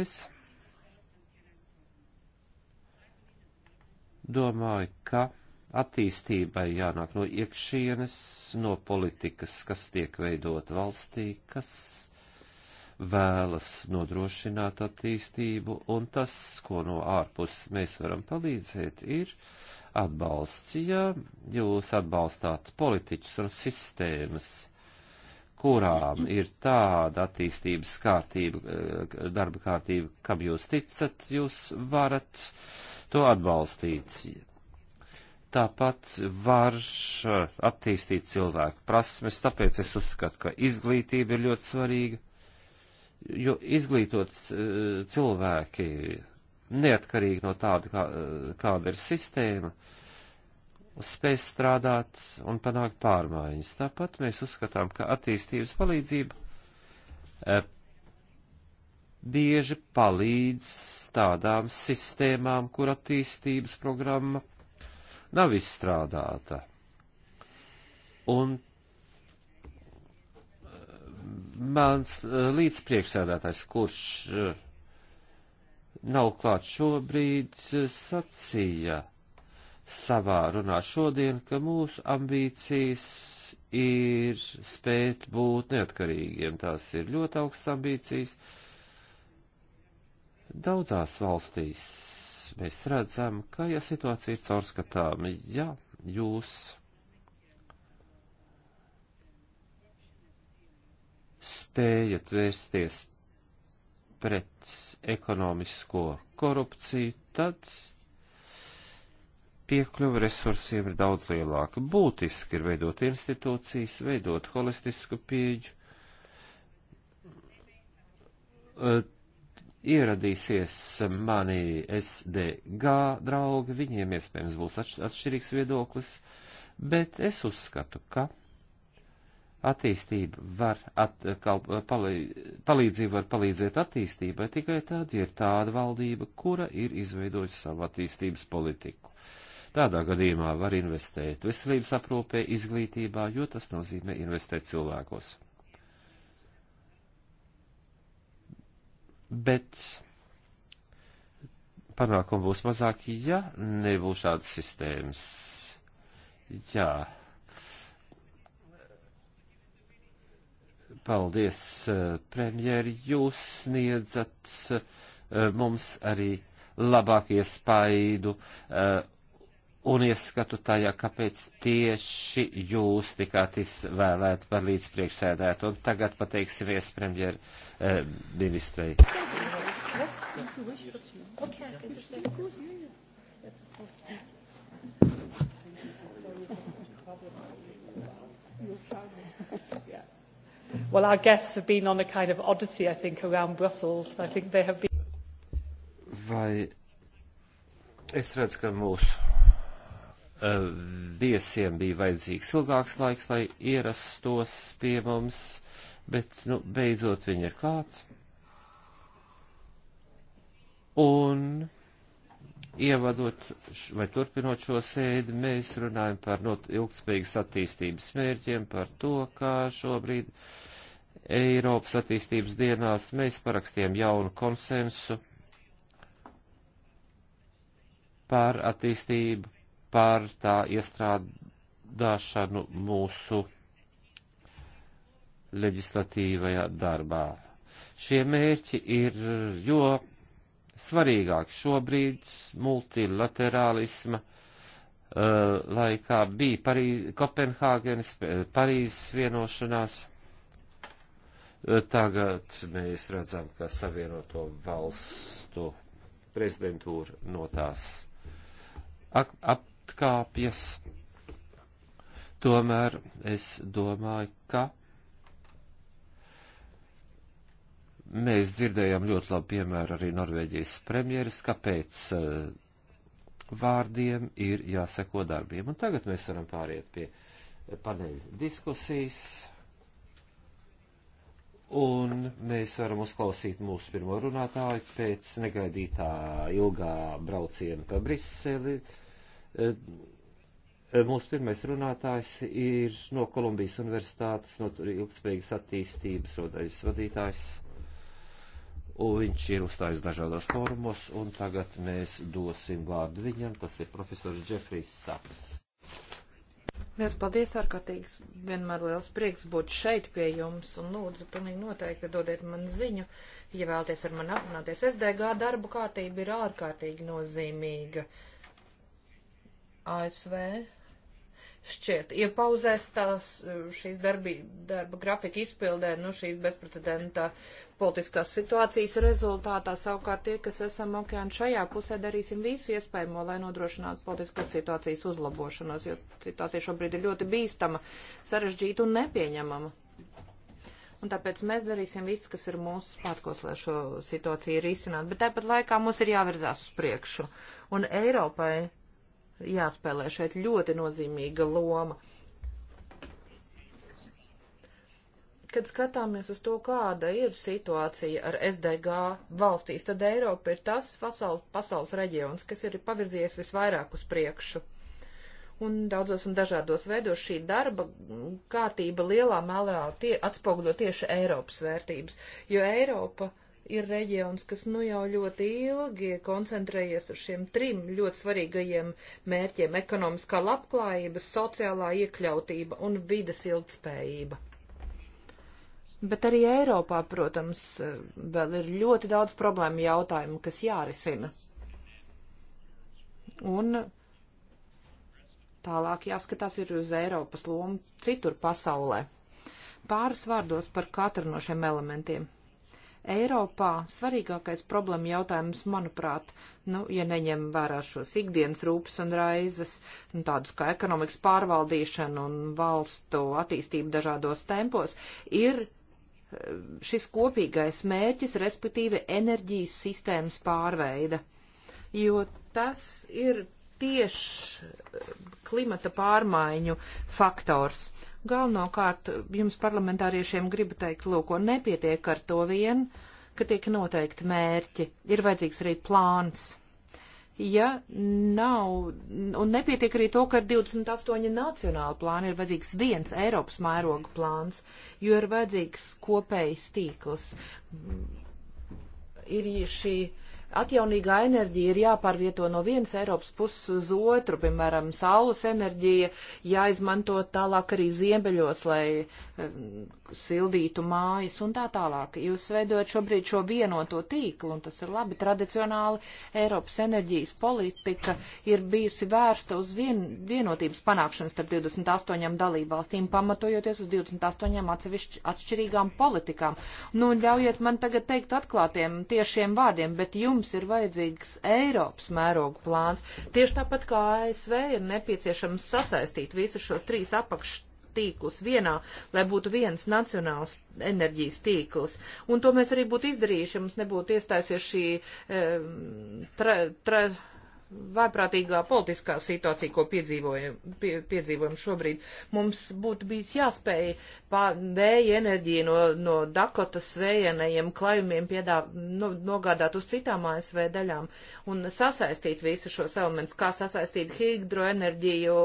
S1: Es Domāju, ka attīstībai jānāk no iekšienes, no politikas, kas tiek veidot valstī, kas vēlas nodrošināt attīstību, un tas, ko no ārpuses mēs varam palīdzēt, ir atbalsts. Ja jūs atbalstāt politiķus un sistēmas, kurām ir tāda attīstības kārtība, eh, darba kārtība, kam jūs ticat, jūs varat uh, to atbalstīt. Tāpat var attīstīt cilvēku prasmes, tāpēc es uzskatu, ka izglītība ir ļoti svarīga, jo izglītot eh, cilvēki, neatkarīgi no tāda, kā, eh, kāda ir sistēma, spēj strādāt un panākt pārmaiņas. Tāpat mēs uzskatām, ka attīstības palīdzība eh, bieži palīdz tādām sistēmām, kur attīstības programma nav izstrādāta. Un eh, mans eh, līdzpriekšsēdētājs, kurš eh, nav klāt šobrīd, sacīja savā runā šodien, ka mūsu ambīcijas ir spēt būt neatkarīgiem. Tās ir ļoti augstas ambīcijas. Uh, Daudzās valstīs mēs redzam, ka, ja situācija ir caurskatāma, ja jūs spējat vērsties pret ekonomisko korupciju, tad piekļuva resursiem ir daudz lielāka. Būtiski ir veidot institūcijas, veidot holistisku pieeju, ieradīsies mani SDG draugi, viņiem iespējams būs atšķirīgs viedoklis, bet es uzskatu, ka attīstība var atkal palīdzību var palīdzēt attīstībai tikai tad, ja ir tāda valdība, kura ir izveidojusi savu attīstības politiku. Tādā gadījumā var investēt veselības aprūpē, izglītībā, jo tas nozīmē investēt cilvēkos. bet panākumi būs mazāki, ja nebūs šādas sistēmas. Jā. Paldies, eh, premjeri, jūs sniedzat eh, mums arī labāk iespaidu eh, un ieskatu tajā, kāpēc tieši jūs tikāt izvēlēt par līdzpriekšsēdētu. Un tagad pateiksimies premjer eh, ministrei. Well, our guests have been on a kind of odyssey, I think, around Brussels. I think they have been. Vai es redzu, ka mūsu Eh, viesiem bija vajadzīgs ilgāks laiks, lai ierastos pie mums, bet, nu, beidzot viņi ir klāts. Un ievadot vai turpinot šo sēdi, mēs runājam par not, ilgspējīgas attīstības mērķiem, par to, kā šobrīd Eiropas attīstības dienās mēs parakstījām jaunu konsensu par attīstību par tā iestrādāšanu mūsu leģislatīvajā darbā. Šie mērķi ir jo svarīgāk šobrīd multilaterālisma uh, laikā bija Parīz, Kopenhāgenes, eh, Parīzes vienošanās. Eh, tagad mēs redzam, ka Savienoto valstu prezidentūra no tās ap, ap, atkāpjas. Tomēr es domāju, ka mēs dzirdējām ļoti labu piemēru arī Norvēģijas premjeras, kāpēc eh, vārdiem ir jāseko darbiem. Un tagad mēs varam pāriet pie paneļa diskusijas. Un mēs varam uzklausīt mūsu pirmo runātāju pēc negaidītā ilgā brauciena pa Briseli. Uh, Eh, eh, mūsu pirmais runātājs ir no Kolumbijas Universitātes, no ilgspējīgas attīstības rodaļas vadītājs. Un viņš ir uzstājis dažādos fórumos, un tagad mēs dosim vārdu viņam. Tas ir profesors Džefrijs Saps.
S2: Liels paldies, ārkārtīgs. Vienmēr liels prieks būt šeit pie jums, un lūdzu, pilnīgi noteikti dodiet man ziņu, ja vēlaties ar mani aprunāties. SDG darbu kārtība ir ārkārtīgi nozīmīga. Uh, ASV šķiet iepauzēs tās šīs darbi, darba grafika izpildē, nu šīs bezprecedenta politiskās situācijas rezultātā. Savukārt tie, kas esam okeāna šajā pusē, darīsim visu iespējamo, lai nodrošinātu politiskās situācijas uzlabošanos, jo situācija šobrīd ir ļoti bīstama, sarežģīta un nepieņemama. Un tāpēc mēs darīsim visu, kas ir mūsu spēkos, lai šo situāciju risinātu. Bet tāpat laikā mums ir jāvirzās uz priekšu. Un Eiropai jāspēlē šeit ļoti nozīmīga loma. Kad skatāmies uz to, kāda ir situācija ar SDG valstīs, tad Eiropa ir tas pasaules, pasaules reģions, kas ir pavirzies visvairāk uz priekšu. Un daudzos un dažādos veidos šī darba kārtība lielā mēlā tie, atspoguļo tieši Eiropas vērtības, jo Eiropa uh, ir reģions, kas nu jau ļoti ilgi koncentrējies uz šiem trim ļoti svarīgajiem mērķiem - ekonomiskā labklājība, sociālā iekļautība un vidas ilgtspējība. Bet arī Eiropā, protams, vēl ir ļoti daudz problēmu jautājumu, kas jārisina. Un tālāk jāskatās ir uz Eiropas lomu citur pasaulē. Pāris vārdos par katru no šiem elementiem. Eiropā svarīgākais problēma jautājums, manuprāt, nu, ja neņem vērā šos ikdienas rūpes un raizes, nu, tādus kā ekonomikas pārvaldīšana un valstu attīstība dažādos tempos, ir eh, šis kopīgais mērķis, respektīvi enerģijas sistēmas pārveida. Jo tas ir tieši eh, klimata pārmaiņu faktors. Galvenokārt jums parlamentāriešiem gribu teikt, lūk, nepietiek ar to vien, ka tiek noteikti mērķi, ir vajadzīgs arī plāns. Ja nav, un nepietiek arī to, ka ir 28 nacionāli plāni, ir vajadzīgs viens Eiropas mēroga plāns, jo ir vajadzīgs kopējs tīkls. Ir šī Atjaunīgā enerģija ir jāpārvieto no vienas Eiropas puses uz otru, piemēram, saules enerģija jāizmanto tālāk arī ziemeļos, lai eh, sildītu mājas un tā tālāk. Jūs veidojat šobrīd šo vienoto tīklu, un tas ir labi. Tradicionāli Eiropas enerģijas politika ir bijusi vērsta uz vien, vienotības panākšanas starp 28 dalībvalstīm, pamatojoties uz 28 atsevišķi atšķirīgām politikām. Nu, ļaujiet man tagad teikt atklātiem tiešiem vārdiem, bet jums mums ir vajadzīgs Eiropas mērogu plāns. Tieši tāpat kā ASV ir nepieciešams sasaistīt visus šos trīs apakšs tīklus vienā, lai būtu viens nacionāls enerģijas tīkls. Un to mēs arī būtu izdarījuši, ja mums nebūtu iestājusies šī e, tra, tra, vaiprātīgā politiskā situācija, ko piedzīvojam, pie, piedzīvojam šobrīd. Mums būtu bijis jāspēj vēja enerģiju no, no Dakotas vējenajiem klajumiem piedā, no, nogādāt uz citām ASV daļām un sasaistīt visu šos elementus, kā sasaistīt hidroenerģiju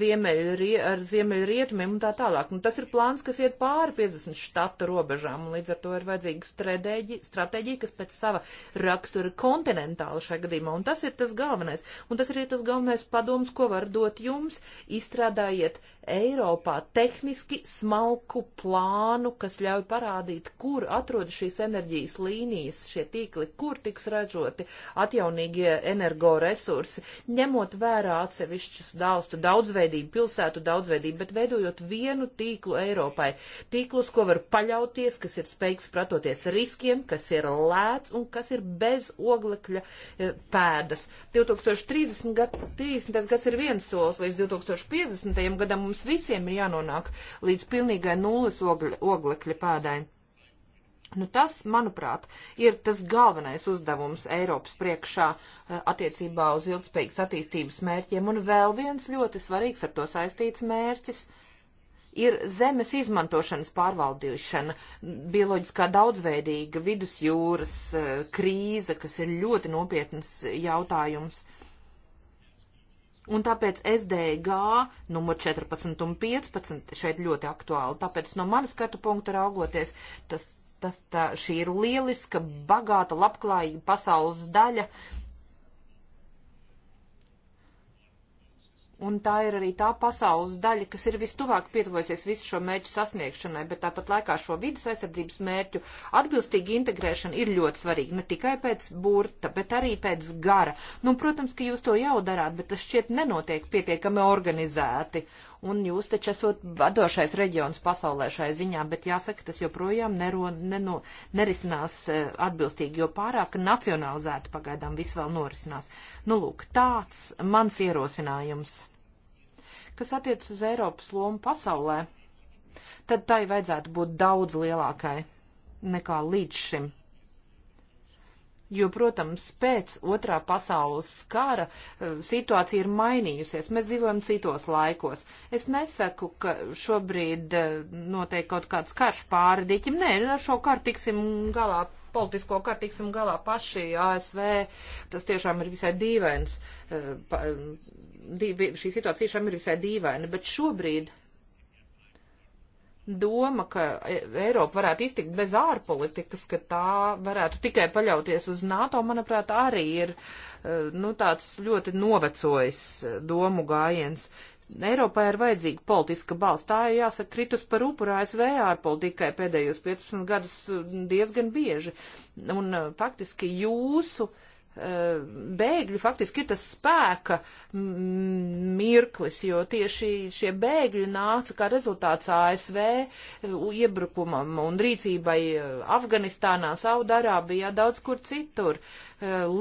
S2: ziemeļ, ar ziemeļrietumiem un tā tālāk. Un tas ir plāns, kas iet pāri 50 štata robežām, un līdz ar to ir vajadzīga stratēģija, stratēģija kas pēc sava rakstura kontinentāla šajā gadījumā. Un tas ir tas galvenais galvenais. Un tas arī tas galvenais padoms, ko var dot jums. Izstrādājiet Eiropā tehniski smalku plānu, kas ļauj parādīt, kur atrodas šīs enerģijas līnijas, šie tīkli, kur tiks ražoti atjaunīgie energoresursi, ņemot vērā atsevišķus dāstu daudzveidību, pilsētu daudzveidību, bet veidojot vienu tīklu Eiropai. Tīklus, ko var paļauties, kas ir spējīgs pratoties riskiem, kas ir lēts un kas ir bez oglekļa eh, pēdas. 20 2030. Gad, 30. gads ir viens solis, līdz 2050. gadam mums visiem ir jānonāk līdz pilnīgai nulles ogle, oglekļa pēdai. Nu, tas, manuprāt, ir tas galvenais uzdevums Eiropas priekšā eh, attiecībā uz ilgspējīgas attīstības mērķiem, un vēl viens ļoti svarīgs ar to saistīts mērķis. Uh, ir zemes izmantošanas pārvaldīšana, bioloģiskā daudzveidīga vidusjūras e, krīze, kas ir ļoti nopietnas jautājums. Un tāpēc SDG numur 14 un 15 šeit ļoti aktuāli. Tāpēc no manas skatu punktu raugoties, tas, tas tā, šī ir lieliska, bagāta, labklājīga pasaules daļa, Un tā ir arī tā pasaules daļa, kas ir vistuvāk pietuvojusies visu šo mērķu sasniegšanai, bet tāpat laikā šo vidas aizsardzības mērķu atbilstīgi integrēšana ir ļoti svarīga, ne tikai pēc burta, bet arī pēc gara. Nu, protams, ka jūs to jau darāt, bet tas šķiet nenotiek pietiekami organizēti un jūs taču esat vadošais reģions pasaulē šai ziņā, bet jāsaka, tas joprojām nero, neno, nerisinās eh, atbilstīgi, jo pārāk nacionalizēti pagaidām viss vēl norisinās. Nu, lūk, tāds mans ierosinājums, kas attiec uz Eiropas lomu pasaulē, tad tai vajadzētu būt daudz lielākai nekā līdz šim. Jo, protams, pēc otrā pasaules kara eh, situācija ir mainījusies. Mēs dzīvojam citos laikos. Es nesaku, ka šobrīd eh, notiek kaut kāds karš pāri diķim. Nē, ar šo karu tiksim galā, politisko karu tiksim galā paši ASV. Tas tiešām ir visai dīvains. Eh, šī situācija tiešām ir visai dīvaina. Bet šobrīd doma, ka e- Eiropa varētu iztikt bez ārpolitikas, ka tā varētu tikai paļauties uz NATO, manuprāt, arī ir e, nu, tāds ļoti novecojis e, domu gājiens. Eiropai ir vajadzīga politiska balss. Tā ir jāsaka kritus par upuru ASV ārpolitikai pēdējos 15 gadus diezgan bieži. Un faktiski jūsu uh, Eh, bēgļi faktiski ir tas spēka mirklis, jo tieši šie bēgļi nāca kā rezultāts ASV eh, iebrukumam un rīcībai eh, Afganistānā, Saudarābijā, daudz kur citur,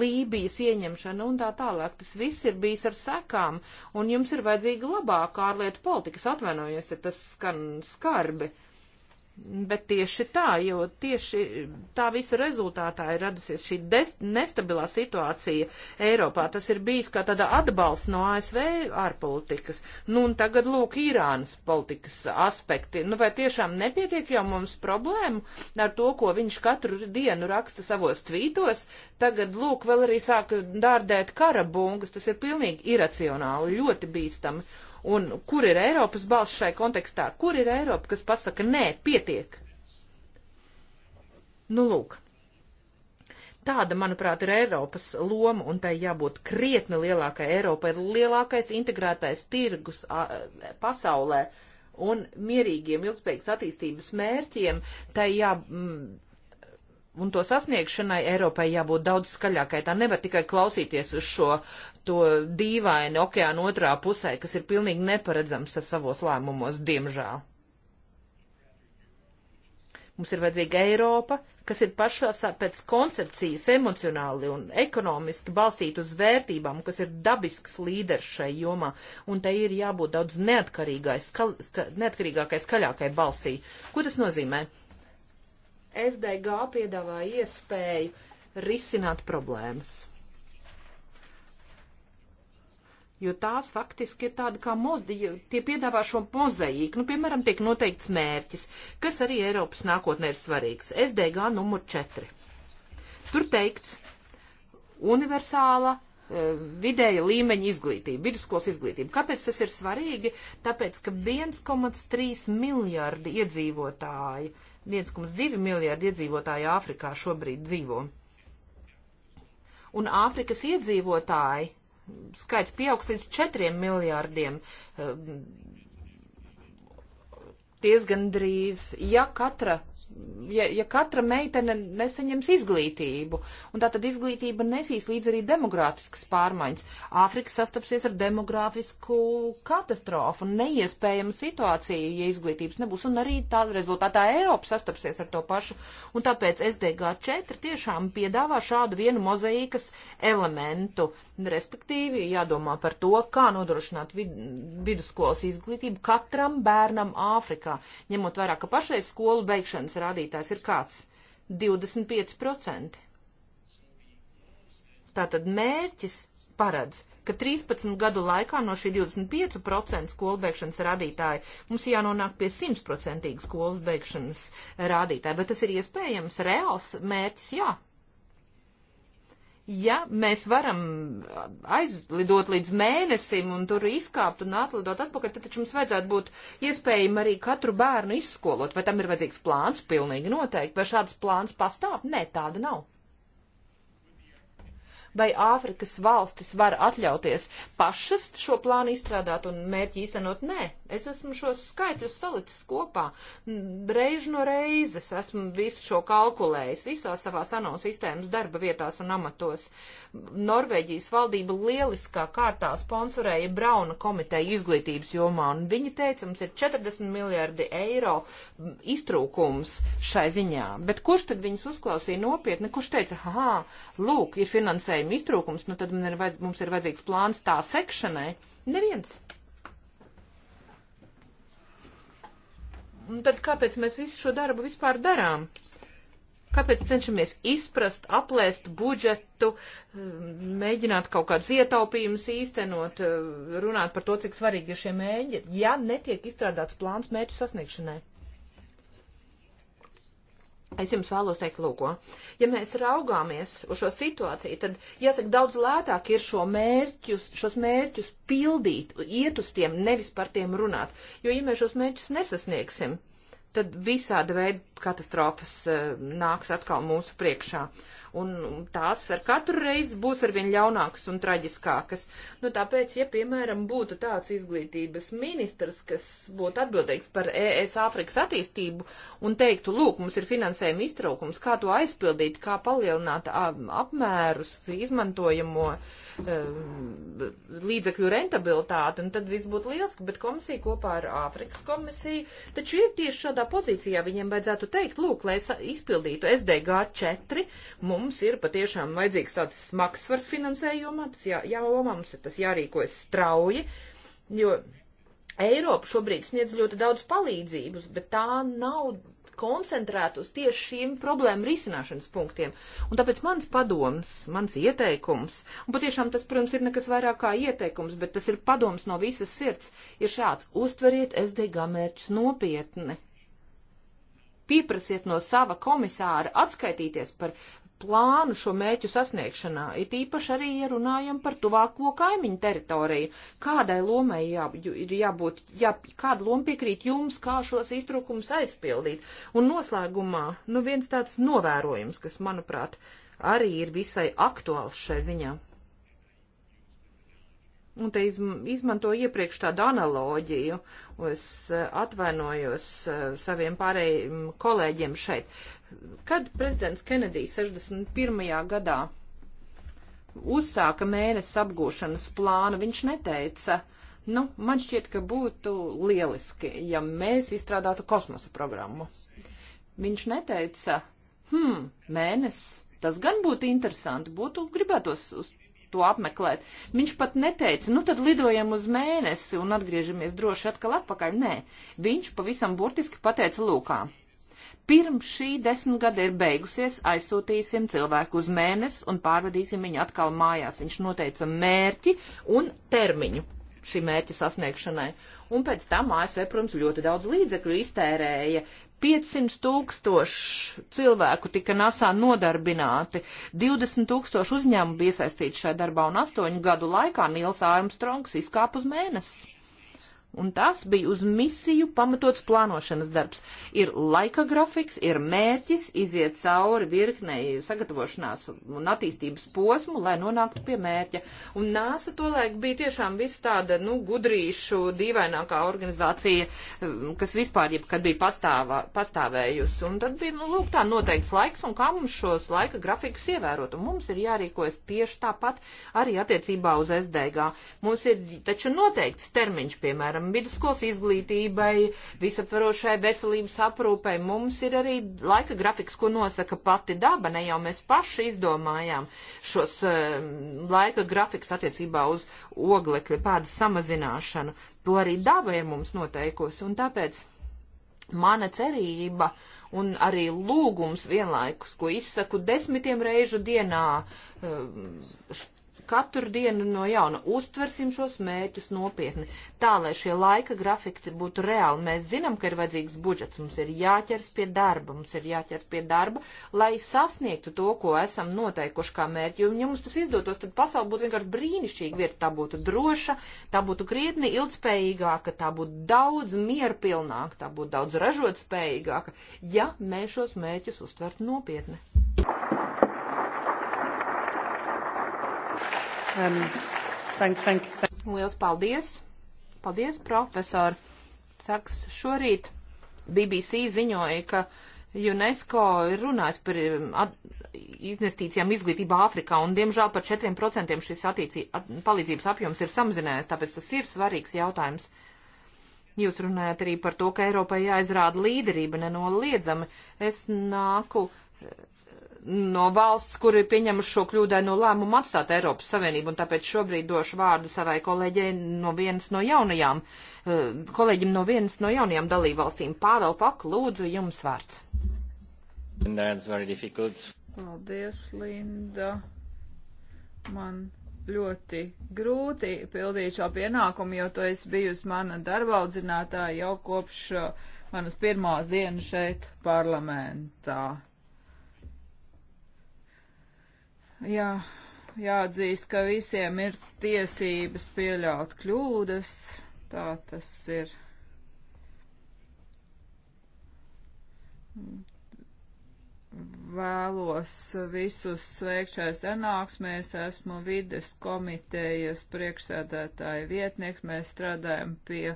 S2: Lībijas ieņemšana un tā tālāk. Tas viss ir bijis ar sekām, un jums ir vajadzīga labāka ārlietu politikas, atvainojos, ja tas skan skarbi. Uh, Bet tieši tā, jo tieši tā visa rezultātā ir radusies šī nestabilā situācija Eiropā. Tas ir bijis kā tāda atbalsts no ASV ārpolitikas. Nu, un tagad lūk Irānas politikas aspekti. Nu, vai tiešām nepietiek jau mums problēmu ar to, ko viņš katru dienu raksta savos tvītos? Tagad lūk vēl arī sāka dārdēt kara bungas. Tas ir pilnīgi iracionāli, ļoti bīstami. Un kur ir Eiropas balss šai kontekstā? Kur ir Eiropa, kas pasaka, nē, pietiek? Nu, lūk. Tāda, manuprāt, ir Eiropas loma, un tai jābūt krietni lielākai. Eiropa ir lielākais integrētais tirgus a, pasaulē, un mierīgiem ilgspējīgas attīstības mērķiem tai jā, m, un to sasniegšanai Eiropai jābūt daudz skaļākai. Tā nevar tikai klausīties uz šo to dīvaini okeānu otrā pusē, kas ir pilnīgi neparedzams ar savos lēmumos, diemžēl. Mums ir vajadzīga Eiropa, kas ir pašā pēc koncepcijas emocionāli un ekonomiski balstīta uz vērtībām, kas ir dabisks līderis šai jomā, un tai ir jābūt daudz neatkarīgai, skal, ska, neatkarīgākai, skaļākai balsī. Ko tas nozīmē? SDG piedāvā iespēju risināt problēmas. Jo tās faktiski ir tāda kā mozaīka, tie piedāvā šo mozaīku. Nu, piemēram, tiek noteikts mērķis, kas arī Eiropas nākotnē ir svarīgs. SDG numur 4. Tur teikts universāla e, vidēja līmeņa izglītība, vidusskolas izglītība. Kāpēc tas ir svarīgi? Tāpēc, ka 1,3 miljārdi iedzīvotāji 1,2 miljārdi iedzīvotāji Āfrikā šobrīd dzīvo. Un Āfrikas iedzīvotāji skaits pieaugs līdz 4 miljārdiem ehm, diezgan drīz, ja katra ja, ja katra meitene nesaņems izglītību, un tā tad izglītība nesīs līdz arī demokrātiskas pārmaiņas. Āfrika sastapsies ar demogrāfisku katastrofu un neiespējamu situāciju, ja izglītības nebūs, un arī tā rezultātā Eiropa sastapsies ar to pašu, un tāpēc SDG 4 tiešām piedāvā šādu vienu mozaīkas elementu, respektīvi jādomā par to, kā nodrošināt vid vidusskolas izglītību katram bērnam Āfrikā, ņemot vairāk, ka pašreiz skolu beigšanas nākotnes rādītājs ir kāds? 25%. Tātad mērķis paredz, ka 13 gadu laikā no šī 25% skolu beigšanas rādītāja mums jānonāk pie 100% skolas beigšanas rādītāja. Bet tas ir iespējams, reāls mērķis, jā ja mēs varam aizlidot līdz mēnesim un tur izkāpt un atlidot atpakaļ, tad taču mums vajadzētu būt iespējami arī katru bērnu izskolot. Vai tam ir vajadzīgs plāns? Pilnīgi noteikti. Vai šāds plāns pastāv? Nē, tāda nav vai Āfrikas valstis var atļauties pašas šo plānu izstrādāt un mērķi īstenot? Nē, es esmu šos skaitļus salicis kopā. Mm, reiz no reizes esmu visu šo kalkulējis visā savā ANO sistēmas darba vietās un amatos. Norvēģijas valdība lieliskā kārtā sponsorēja Brauna komiteju izglītības jomā, un viņi teica, mums ir 40 miljardi eiro mm, iztrūkums šai ziņā. Bet kurš tad viņus uzklausīja nopietni? Kurš teica, ha, lūk, ir finansējumi? finansējuma iztrūkums, nu tad ir vajadz, mums ir vajadzīgs plāns tā sekšanai. Neviens. Un tad kāpēc mēs visu šo darbu vispār darām? Kāpēc cenšamies izprast, aplēst budžetu, um, mēģināt kaut kādus ietaupījumus īstenot, uh, runāt par to, cik svarīgi ir šie mēģi, ja netiek izstrādāts plāns mērķu sasniegšanai? Es jums vēlos teikt, lūk, ja mēs raugāmies uz šo situāciju, tad jāsaka, daudz lētāk ir šo mērķus, šos mērķus pildīt, iet uz tiem, nevis par tiem runāt. Jo, ja mēs šos mērķus nesasniegsim, tad visāda veida katastrofas uh, nāks atkal mūsu priekšā un tās ar katru reizi būs arvien ļaunākas un traģiskākas. Nu, tāpēc, ja, piemēram, būtu tāds izglītības ministrs, kas būtu atbildīgs par ES Āfrikas attīstību un teiktu, lūk, mums ir finansējuma iztraukums, kā to aizpildīt, kā palielināt apmērus izmantojamo uh, Um, līdzekļu rentabilitāti, un tad viss būtu lieliski, bet komisija kopā ar Āfrikas komisiju taču ir tieši šādā pozīcijā. Viņiem vajadzētu teikt, lūk, lai izpildītu SDG 4, mums ir patiešām vajadzīgs tāds smagsvars finansējumā, tas jā, jāomā, mums ir tas jārīkojas strauji, jo Eiropa šobrīd sniedz ļoti daudz palīdzības, bet tā nav koncentrēt uz tieši šiem problēmu risināšanas punktiem. Un tāpēc mans padoms, mans ieteikums, un patiešām tas, protams, ir nekas vairāk kā ieteikums, bet tas ir padoms no visas sirds, ir šāds - uztveriet SDG mērķus nopietni. Pieprasiet no sava komisāra atskaitīties par plānu šo mēķu sasniegšanā, it īpaši arī, ja runājam par tuvāko kaimiņu teritoriju. Kādai lomai jā, ir jābūt, jā, kāda loma piekrīt jums, kā šos iztrūkumus aizpildīt? Un noslēgumā, nu viens tāds novērojums, kas, manuprāt, arī ir visai aktuāls šai ziņā. Un te izmanto iepriekš tādu analoģiju, es eh, atvainojos eh, saviem pārējiem kolēģiem šeit. Kad prezidents Kenedijs 61. gadā uzsāka mēnesi apgūšanas plānu, viņš neteica, nu, man šķiet, ka būtu lieliski, ja mēs izstrādātu kosmosa programmu. Viņš neteica, hmm, mēnesis, tas gan būtu interesanti, būtu gribētos uz to apmeklēt. Viņš pat neteica, nu tad lidojam uz mēnesi un atgriežamies droši atkal atpakaļ. Nē, viņš pavisam burtiski pateica lūkā. Pirms šī desmitgada ir beigusies, aizsūtīsim cilvēku uz mēnesi un pārvadīsim viņu atkal mājās. Viņš noteica mērķi un termiņu šī mērķa sasniegšanai. Un pēc tam ASV, protams, ļoti daudz līdzekļu iztērēja 500 tūkstoši cilvēku tika NASA nodarbināti, 20 tūkstoši uzņēmumu bija iesaistīti šajā darbā un 8 gadu laikā Nils Armstrongs izkāpa uz mēnesi. Un tas bija uz misiju pamatots plānošanas darbs. Ir laika grafiks, ir mērķis iziet cauri virknei sagatavošanās un attīstības posmu, lai nonāktu pie mērķa. Un NASA tolaik bija tiešām viss tāda, nu, gudrīšu, dīvainākā organizācija, um, kas vispār jebkad bija pastāvā, pastāvējusi. Un tad bija, nu, lūk, tā noteikts laiks un kā mums šos laika grafikus ievērot. Un mums ir jārīkojas tieši tāpat arī attiecībā uz SDG. Mums ir taču noteikts termiņš, piemēram, piemēram, vidusskolas izglītībai, visaptvarošai veselības aprūpai. Mums ir arī laika grafiks, ko nosaka pati daba, ne jau mēs paši izdomājām šos uh, laika grafiks attiecībā uz oglekļa pēdas samazināšanu. To arī daba ir mums noteikusi, un tāpēc mana cerība un arī lūgums vienlaikus, ko izsaku desmitiem reižu dienā um, katru dienu no jauna uztversim šos mērķus nopietni, tā lai šie laika grafiki būtu reāli. Mēs zinām, ka ir vajadzīgs budžets, mums ir jāķers pie darba, mums ir jāķers pie darba, lai sasniegtu to, ko esam noteikuši kā mērķi. Jo, ja mums tas izdotos, tad pasauli būtu vienkārši brīnišķīga vieta. Tā būtu droša, tā būtu krietni ilgspējīgāka, tā būtu daudz mierpilnāka, tā būtu daudz ražotspējīgāka, ja mēs šos mērķus uztvertu nopietni. Um, thank, thank, thank. Liels paldies! Paldies, profesori! Saks, šorīt BBC ziņoja, ka UNESCO ir runājis par um, investīcijām izglītībā Āfrikā, un diemžēl par 4% šis attīcī, at, palīdzības apjoms ir samazinājies, tāpēc tas ir svarīgs jautājums. Jūs runājat arī par to, ka Eiropai jāizrāda līderība nenoliedzami. Es nāku no valsts, kur ir pieņemuši šo kļūdaino lēmumu atstāt Eiropas Savienību, un tāpēc šobrīd došu vārdu savai kolēģei no vienas no jaunajām, eh, kolēģim no vienas no jaunajām dalībvalstīm.
S3: Pāvēl Pak, lūdzu, jums vārds.
S1: Paldies,
S3: Linda. Man ļoti grūti pildīt šo pienākumu, jo tu esi bijusi mana darba audzinātāja jau kopš eh, manas pirmās dienas šeit parlamentā. jā, jāatzīst, ka visiem ir tiesības pieļaut kļūdas. Tā tas ir. Vēlos visus sveikt šai sanāksmēs. Esmu vides komitejas priekšsēdētāja vietnieks. Mēs strādājam pie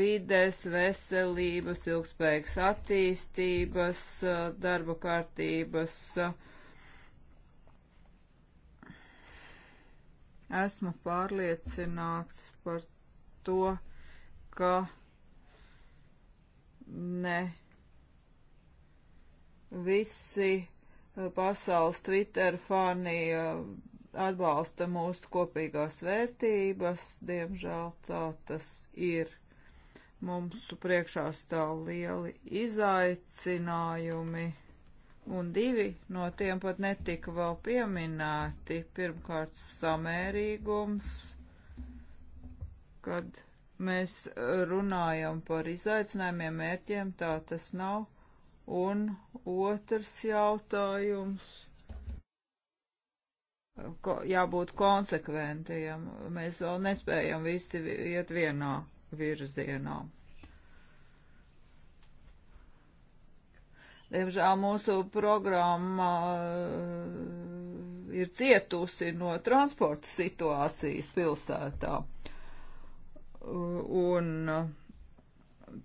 S3: vides, veselības, ilgspējīgas attīstības, darba kārtības. Uh, Esmu pārliecināts par to, ka ne visi eh, pasaules Twitter fani eh, atbalsta mūsu kopīgās vērtības. Diemžēl tā tas ir. Mums priekšā stāv lieli izaicinājumi un divi no tiem pat netika vēl pieminēti. Pirmkārt, samērīgums, kad mēs runājam par izaicinājumiem, mērķiem, tā tas nav. Un otrs jautājums. Ko, jābūt konsekventiem. Mēs vēl nespējam visi iet vienā virzienā. Diemžēl mūsu programma eh, ir cietusi no transporta situācijas pilsētā. Eh, un eh,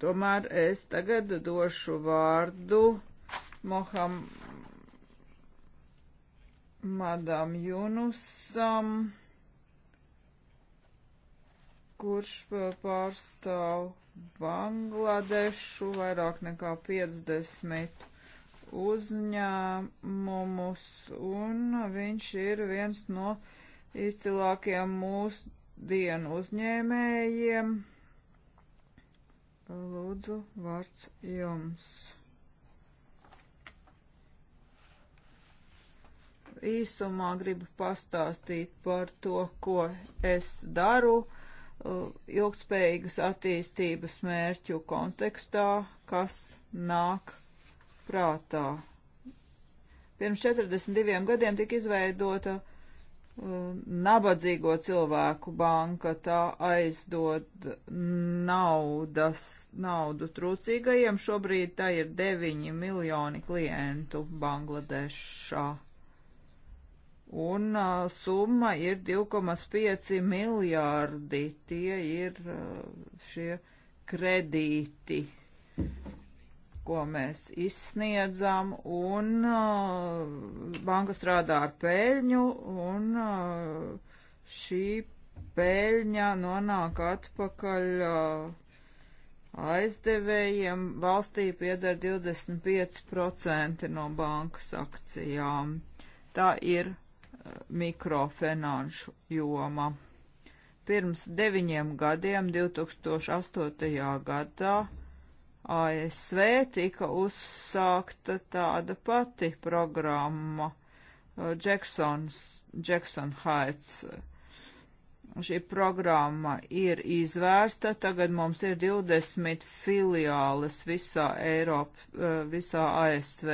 S3: tomēr es tagad došu vārdu Moham Madam Junusam, kurš pārstāv Bangladešu vairāk nekā 50 uzņēmumus, un viņš ir viens no izcilākajiem mūsdienu uzņēmējiem. Lūdzu, vārds jums. Īsumā gribu pastāstīt par to, ko es daru ilgspējīgas attīstības mērķu kontekstā, kas nāk prātā. Pirms 42 gadiem tika izveidota uh, nabadzīgo cilvēku banka, tā aizdod naudas, naudu trūcīgajiem. Šobrīd tā ir 9 miljoni klientu Bangladešā un uh, summa ir 2,5 miljārdi. Tie ir uh, šie kredīti ko mēs izsniedzam, un uh, banka strādā ar peļņu, un uh, šī peļņa nonāk atpakaļ uh, aizdevējiem. Valstī piedara 25% no bankas akcijām. Tā ir uh, mikrofinanšu joma. Pirms deviņiem gadiem, 2008. gadā, ASV tika uzsākta tāda pati programma uh, Jacksons, Jackson Heights. Šī programma ir izvērsta, tagad mums ir 20 filiāles visā Eiropā, uh, visā ASV,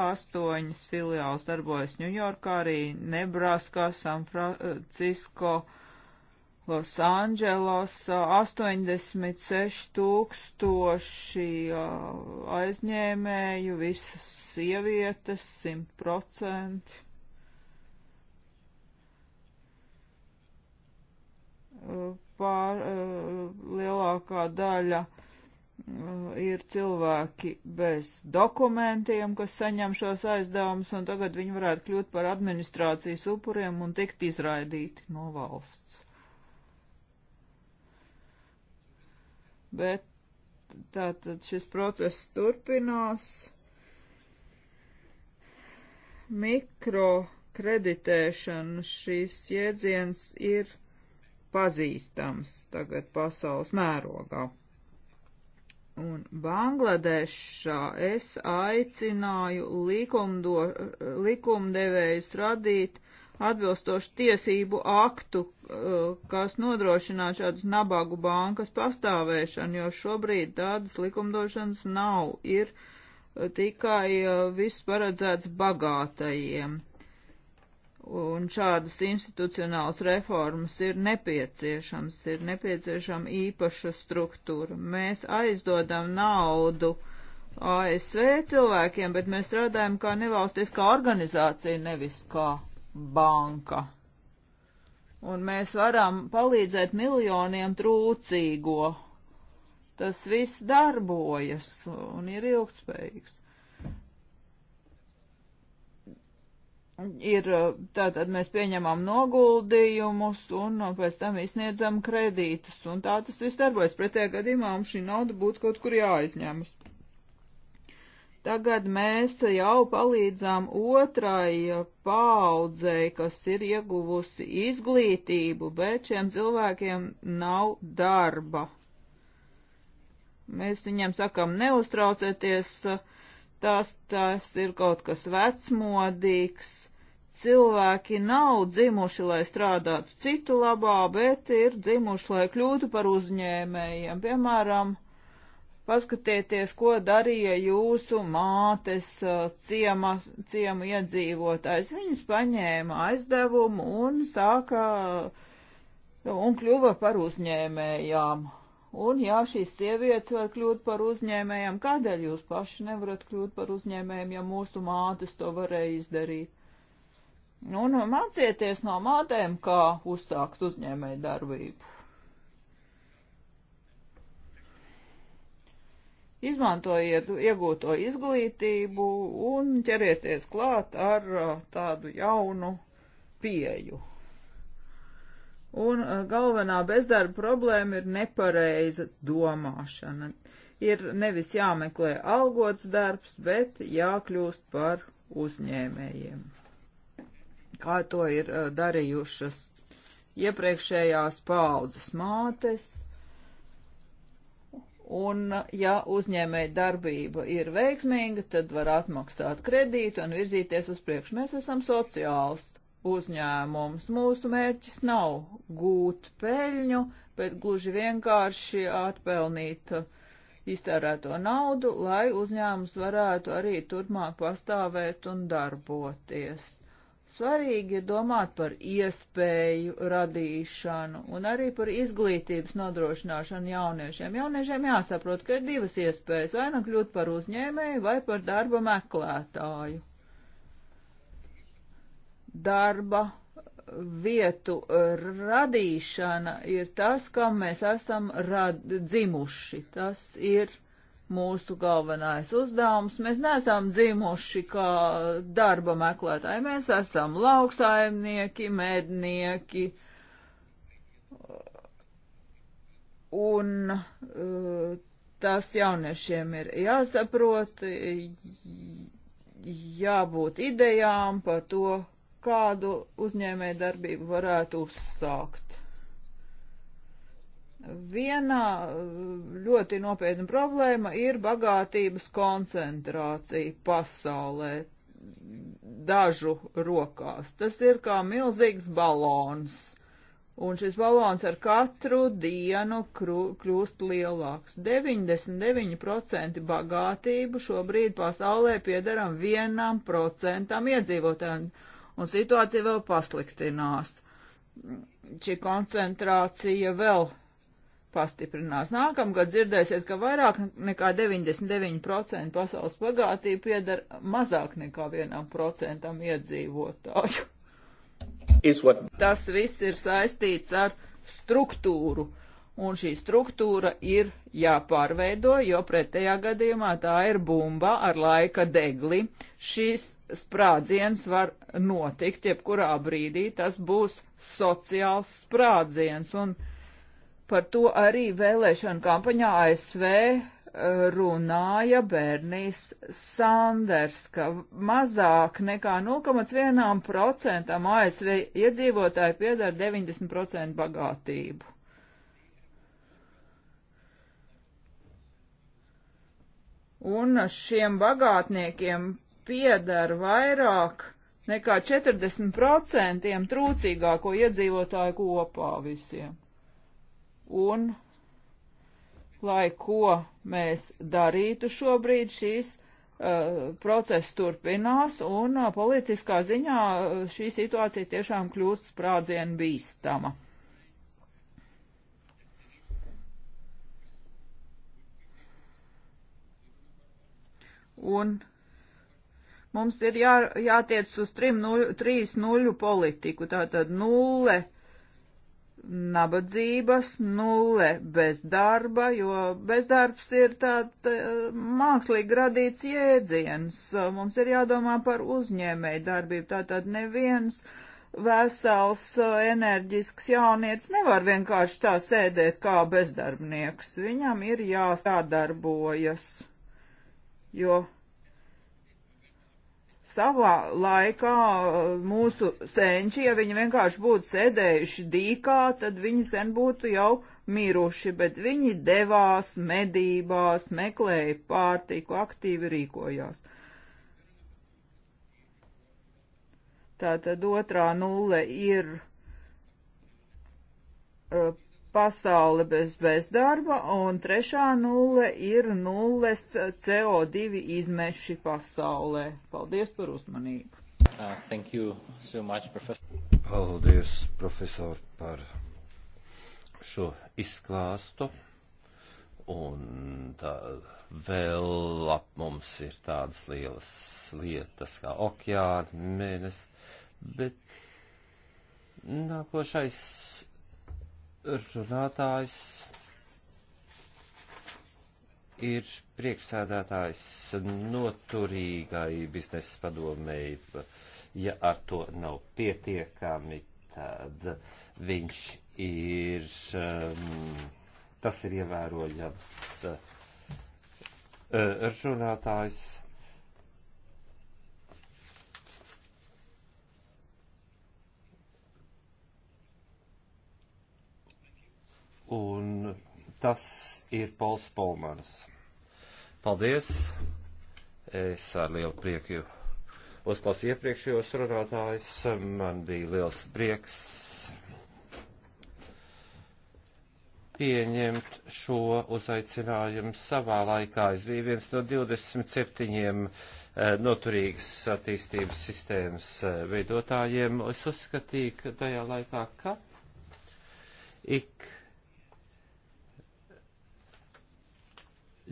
S3: 8 filiāles darbojas Ņujorkā, arī Nebraskā, San Francisco, uh, Losandželos 86 tūkstoši aizņēmēju, visas sievietes 100%. Pār, lielākā daļa ir cilvēki bez dokumentiem, kas saņem šos aizdevumus, un tagad viņi varētu kļūt par administrācijas upuriem un tikt izraidīti no valsts. bet tātad šis process turpinās. Mikrokreditēšana šīs jēdziens ir pazīstams tagad pasaules mērogā. Un Bangladešā es aicināju likumdo, likumdevējus radīt atbilstošu tiesību aktu, eh, kas nodrošinā šādus nabagu bankas pastāvēšanu, jo šobrīd tādas likumdošanas nav, ir eh, tikai eh, viss paredzēts bagātajiem. Un šādas institucionālas reformas ir nepieciešams, ir nepieciešama īpaša struktūra. Mēs aizdodam naudu ASV cilvēkiem, bet mēs strādājam kā nevalstiskā organizācija, nevis kā banka. Un mēs varam palīdzēt miljoniem trūcīgo. Tas viss darbojas un ir ilgspējīgs. ir tātad mēs pieņemam noguldījumus un pēc tam izsniedzam kredītus, un tā tas viss darbojas. Pretējā gadījumā mums šī nauda būtu kaut kur jāaizņemas. Tagad mēs jau palīdzām otrai paaudzei, kas ir ieguvusi izglītību, bet šiem cilvēkiem nav darba. Mēs viņiem sakam, neuztraucieties, tas, tas ir kaut kas vecmodīgs. Cilvēki nav dzimuši, lai strādātu citu labā, bet ir dzimuši, lai kļūtu par uzņēmējiem. Piemēram, uh, Paskatieties, ko darīja jūsu mātes ciema, ciemu iedzīvotājs. Viņas paņēma aizdevumu un sāka un kļuva par uzņēmējām. Un jā, šīs sievietes var kļūt par uzņēmējām. Kādēļ jūs paši nevarat kļūt par uzņēmējiem, ja mūsu mātes to varēja izdarīt? Un nu, nu, mācieties no mātēm, kā uzsākt uzņēmēju darbību. Izmantojiet iegūto izglītību un ķerieties klāt ar uh, tādu jaunu pieju. Un uh, galvenā bezdarba problēma ir nepareiza domāšana. Ir nevis jāmeklē algots darbs, bet jākļūst par uzņēmējiem. Kā to ir uh, darījušas iepriekšējās paudzes mātes Un, ja uzņēmēja darbība ir veiksmīga, tad var atmaksāt kredītu un virzīties uz priekšu. Mēs esam sociāls uzņēmums. Mūsu mērķis nav gūt peļņu, bet gluži vienkārši atpelnīt iztērēto naudu, lai uzņēmums varētu arī turpmāk pastāvēt un darboties. Svarīgi ir domāt par iespēju radīšanu un arī par izglītības nodrošināšanu jauniešiem. Jauniešiem jāsaprot, ka ir divas iespējas - vai nu kļūt par uzņēmēju, vai par darba meklētāju. Darba vietu eh, radīšana ir tas, kam mēs esam rad, dzimuši. Tas ir mūsu galvenais uzdevums. Mēs neesam dzimuši kā darba meklētāji, mēs esam lauksaimnieki, mednieki. Un eh, tas jauniešiem ir jāsaprot, jābūt idejām par to, kādu uzņēmēju darbību varētu uzsākt. Viena eh, ļoti nopietna problēma ir bagātības koncentrācija pasaulē dažu rokās. Tas ir kā milzīgs balons. Un šis balons ar katru dienu kļūst lielāks. 99% bagātību šobrīd pasaulē piedaram vienam procentam iedzīvotājiem, un situācija vēl pasliktinās. Šī koncentrācija vēl pastiprinās. Nākamgad dzirdēsiet, ka vairāk nekā 99% pasaules bagātība pieder mazāk nekā 1% iedzīvotāju. What... Tas viss ir saistīts ar struktūru, un šī struktūra ir jāpārveido, jo pretējā gadījumā tā ir bumba ar laika degli. Šis sprādziens var notikt, jebkurā brīdī tas būs sociāls sprādziens, un Par to arī vēlēšana kampaņā ASV eh, runāja Bernijs Sanders, ka mazāk nekā 0,1% ASV iedzīvotāji piedara 90% bagātību. Un šiem bagātniekiem piedara vairāk nekā 40% trūcīgāko iedzīvotāju kopā visiem un lai ko mēs darītu šobrīd, šīs uh, process turpinās, un uh, politiskā ziņā uh, šī situācija tiešām kļūst sprādzienu bīstama. Un mums ir jā, jātiec uz trim nuļu, trīs nuļu politiku, tātad nulle. 0 nabadzības, nulle bezdarba, jo bezdarbs ir tāds eh, mākslīgi radīts jēdziens. Mums ir jādomā par uzņēmēju darbību. Tātad neviens vesels, eh, enerģisks jaunietis nevar vienkārši tā sēdēt kā bezdarbnieks. Viņam ir jāsadarbojas, jo Savā laikā uh, mūsu senči, ja viņi vienkārši būtu sēdējuši dīkā, tad viņi sen būtu jau miruši, bet viņi devās medībās, meklēja pārtiku, aktīvi rīkojās. Tātad otrā nulle ir uh, pasaule bez bezdarba, un trešā nulle ir nulles CO2 izmeši pasaulē. Paldies par uzmanību.
S1: Uh, thank you so much, professor. Paldies, profesor, par šo izklāstu. Un tā, vēl ap mums ir tādas lielas lietas kā okeāni, mēnesis, bet nākošais runātājs ir priekšsēdētājs noturīgai biznesa padomēji. Ja ar to nav pietiekami, tad viņš ir, um, tas ir ievērojams uh, runātājs. un tas ir Pols Polmanis. Paldies! Es ar lielu prieku uzklausīju iepriekšējos runātājus. Man bija liels prieks pieņemt šo uzaicinājumu savā laikā. Es biju viens no 27 eh, noturīgas attīstības sistēmas eh, veidotājiem. Es uzskatīju, ka tajā laikā, ka ik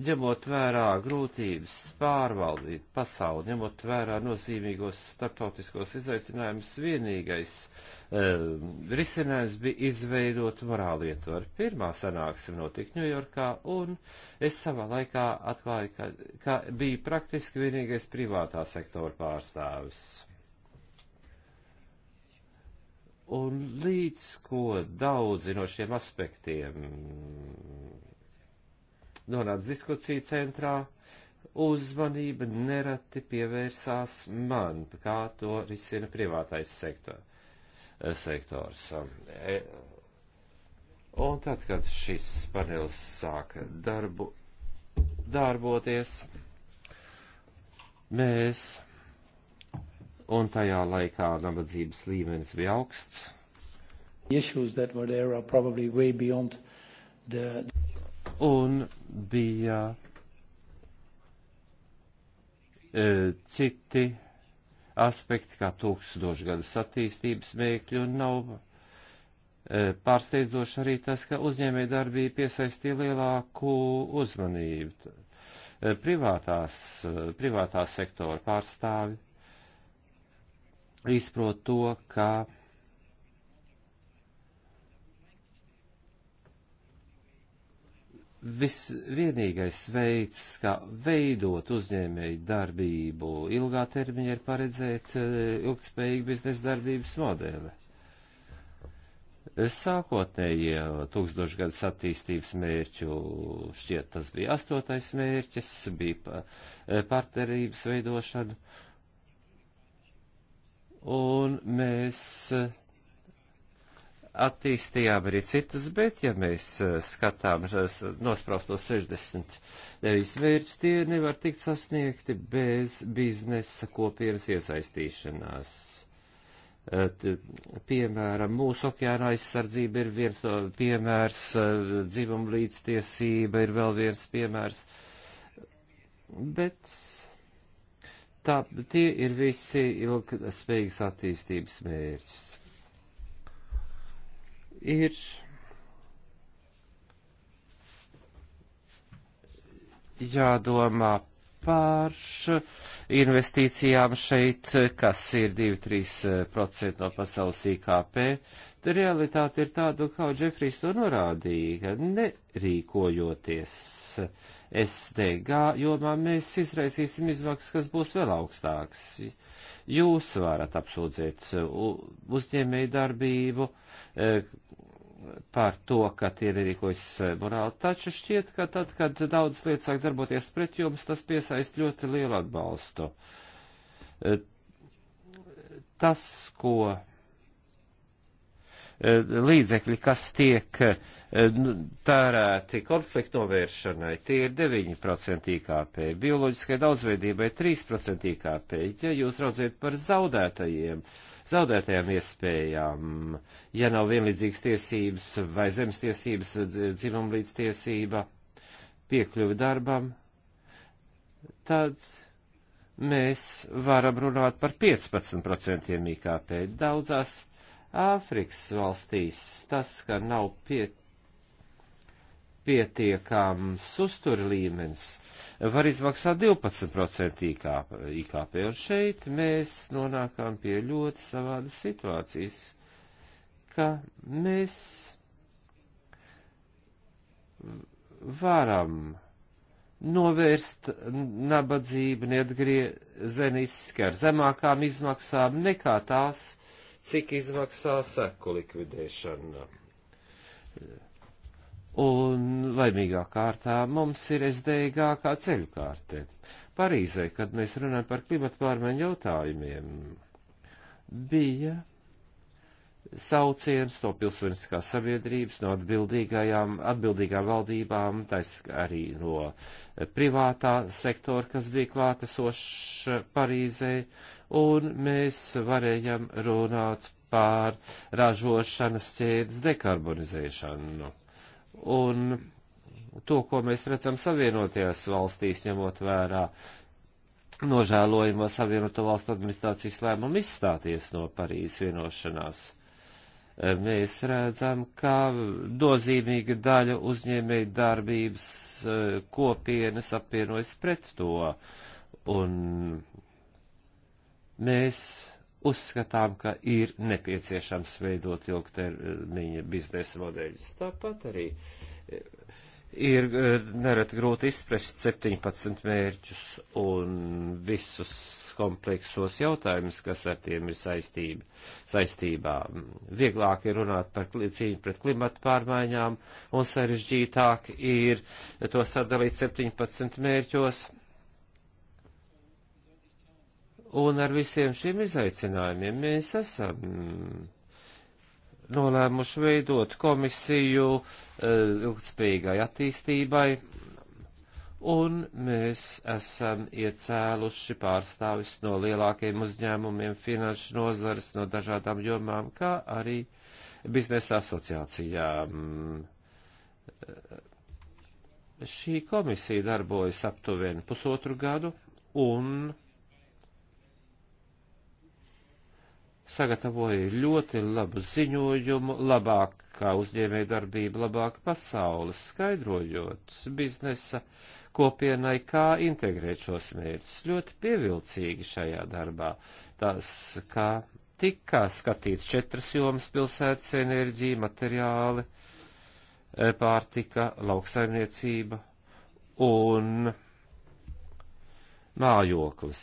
S1: ņemot vērā grūtības pārvaldīt pasauli, ņemot vērā nozīmīgos startautiskos izaicinājumus, vienīgais um, risinājums bija izveidot morālu ietvaru. Pirmā sanāksme notika Ņujorkā, un es savā laikā atklāju, ka, ka bija praktiski vienīgais privātā sektora pārstāvis. Un līdz ko daudzi no šiem aspektiem nonāca diskusiju centrā, uzmanība nereti pievērsās man, kā to risina privātais sektor, eh, sektors. E, un tad, kad šis panelis sāka darbu, darboties, mēs, un tajā laikā nabadzības līmenis bija augsts. Issues that were there are probably way beyond the... Un bija e, citi aspekti, kā tūkstošgadas attīstības mēķi, un nav e, pārsteidzoši arī tas, ka uzņēmēja darbība piesaistīja lielāku uzmanību. E, privātās, privātās sektora pārstāvi izprot to, ka visvienīgais veids, kā veidot uzņēmēju darbību ilgā termiņā, ir paredzēt eh, ilgspējīgu biznesa darbības modeli. Sākotnējie tūkstošgadus attīstības mērķu šķiet tas bija astotais mērķis, bija eh, partnerības veidošana. Un mēs eh, attīstījām arī citus, bet ja mēs eh, skatām nospraustos 69 mērķus, tie nevar tikt sasniegti bez biznesa kopienas iesaistīšanās. Eh, t, piemēram, mūsu okeāna aizsardzība ir viens no piemērs, eh, dzimuma līdztiesība ir vēl viens piemērs, bet tā, tie ir visi ilgspējīgas attīstības mērķis ir jādomā par investīcijām šeit, kas ir 2-3% no pasaules IKP. Te realitāte ir tāda, kā Džefrīs to norādīja, ka nerīkojoties SDG jomā mēs izraisīsim izmaksas, kas būs vēl augstāks. Jūs varat apsūdzēt uzņēmēju darbību e, par to, ka tie nerīkojas e, morāli, taču šķiet, ka tad, kad daudz lietas sāk darboties pret jums, tas piesaist ļoti lielu atbalstu. E, tas, ko Eh, līdzekļi, kas tiek eh, nu, tērēti konfliktu novēršanai, tie ir 9% IKP, bioloģiskai daudzveidībai 3% IKP. Ja jūs raudziet par zaudētajiem, zaudētajām iespējām, ja nav vienlīdzīgas tiesības vai zemes tiesības, dzimumlīdz tiesība, piekļuvi darbam, tad mēs varam runāt par 15% IKP. Daudzās Āfrikas valstīs tas, ka nav pie, pietiekams uztur līmenis, var izmaksāt 12% IKP, IKP, un šeit mēs nonākām pie ļoti savādas situācijas, ka mēs varam novērst nabadzību neatgriezeniski ar zemākām izmaksām nekā tās, cik izmaksā seku likvidēšana. Un laimīgā kārtā mums ir SDG kā ceļkārte. Parīzē, kad mēs runājam par klimatu pārmaiņu jautājumiem, bija sauciens no pilsoniskās sabiedrības, no atbildīgajām, atbildīgām valdībām, tais arī no privātā sektora, kas bija klātesošs Parīzē, uh, un mēs varējam runāt pār ražošanas ķēdes dekarbonizēšanu. Un to, ko mēs redzam savienotajās valstīs, ņemot vērā nožēlojamo savienoto valstu administrācijas lēmumu izstāties no Parīzes vienošanās mēs redzam, ka dozīmīga daļa uzņēmēja darbības eh, kopienas apvienojas pret to. Un Mēs uzskatām, ka ir nepieciešams veidot ilgtermiņa biznesa modeļus. Tāpat arī eh, ir eh, nereti grūti izprast 17 mērķus un visus kompleksos jautājumus, kas ar tiem ir saistība, saistībā. Vieglāk ir runāt par cīņu pret klimatu pārmaiņām un sarežģītāk ir to sadalīt 17 mērķos Un ar visiem šiem izaicinājumiem mēs esam nolēmuši veidot komisiju uh, ilgtspējīgai attīstībai, un mēs esam iecēluši pārstāvis no lielākiem uzņēmumiem, finanšu nozares, no dažādām jomām, kā arī biznesa asociācijām. Šī komisija darbojas aptuveni pusotru gadu, un sagatavoja ļoti labu ziņojumu, labākā uzņēmēja darbība, labāka pasaules, skaidrojot biznesa kopienai, kā integrēt šos mērķus. Ļoti pievilcīgi šajā darbā tas, kā tika skatīts četras jomas pilsētas enerģija, materiāli, pārtika, lauksaimniecība un mājoklis.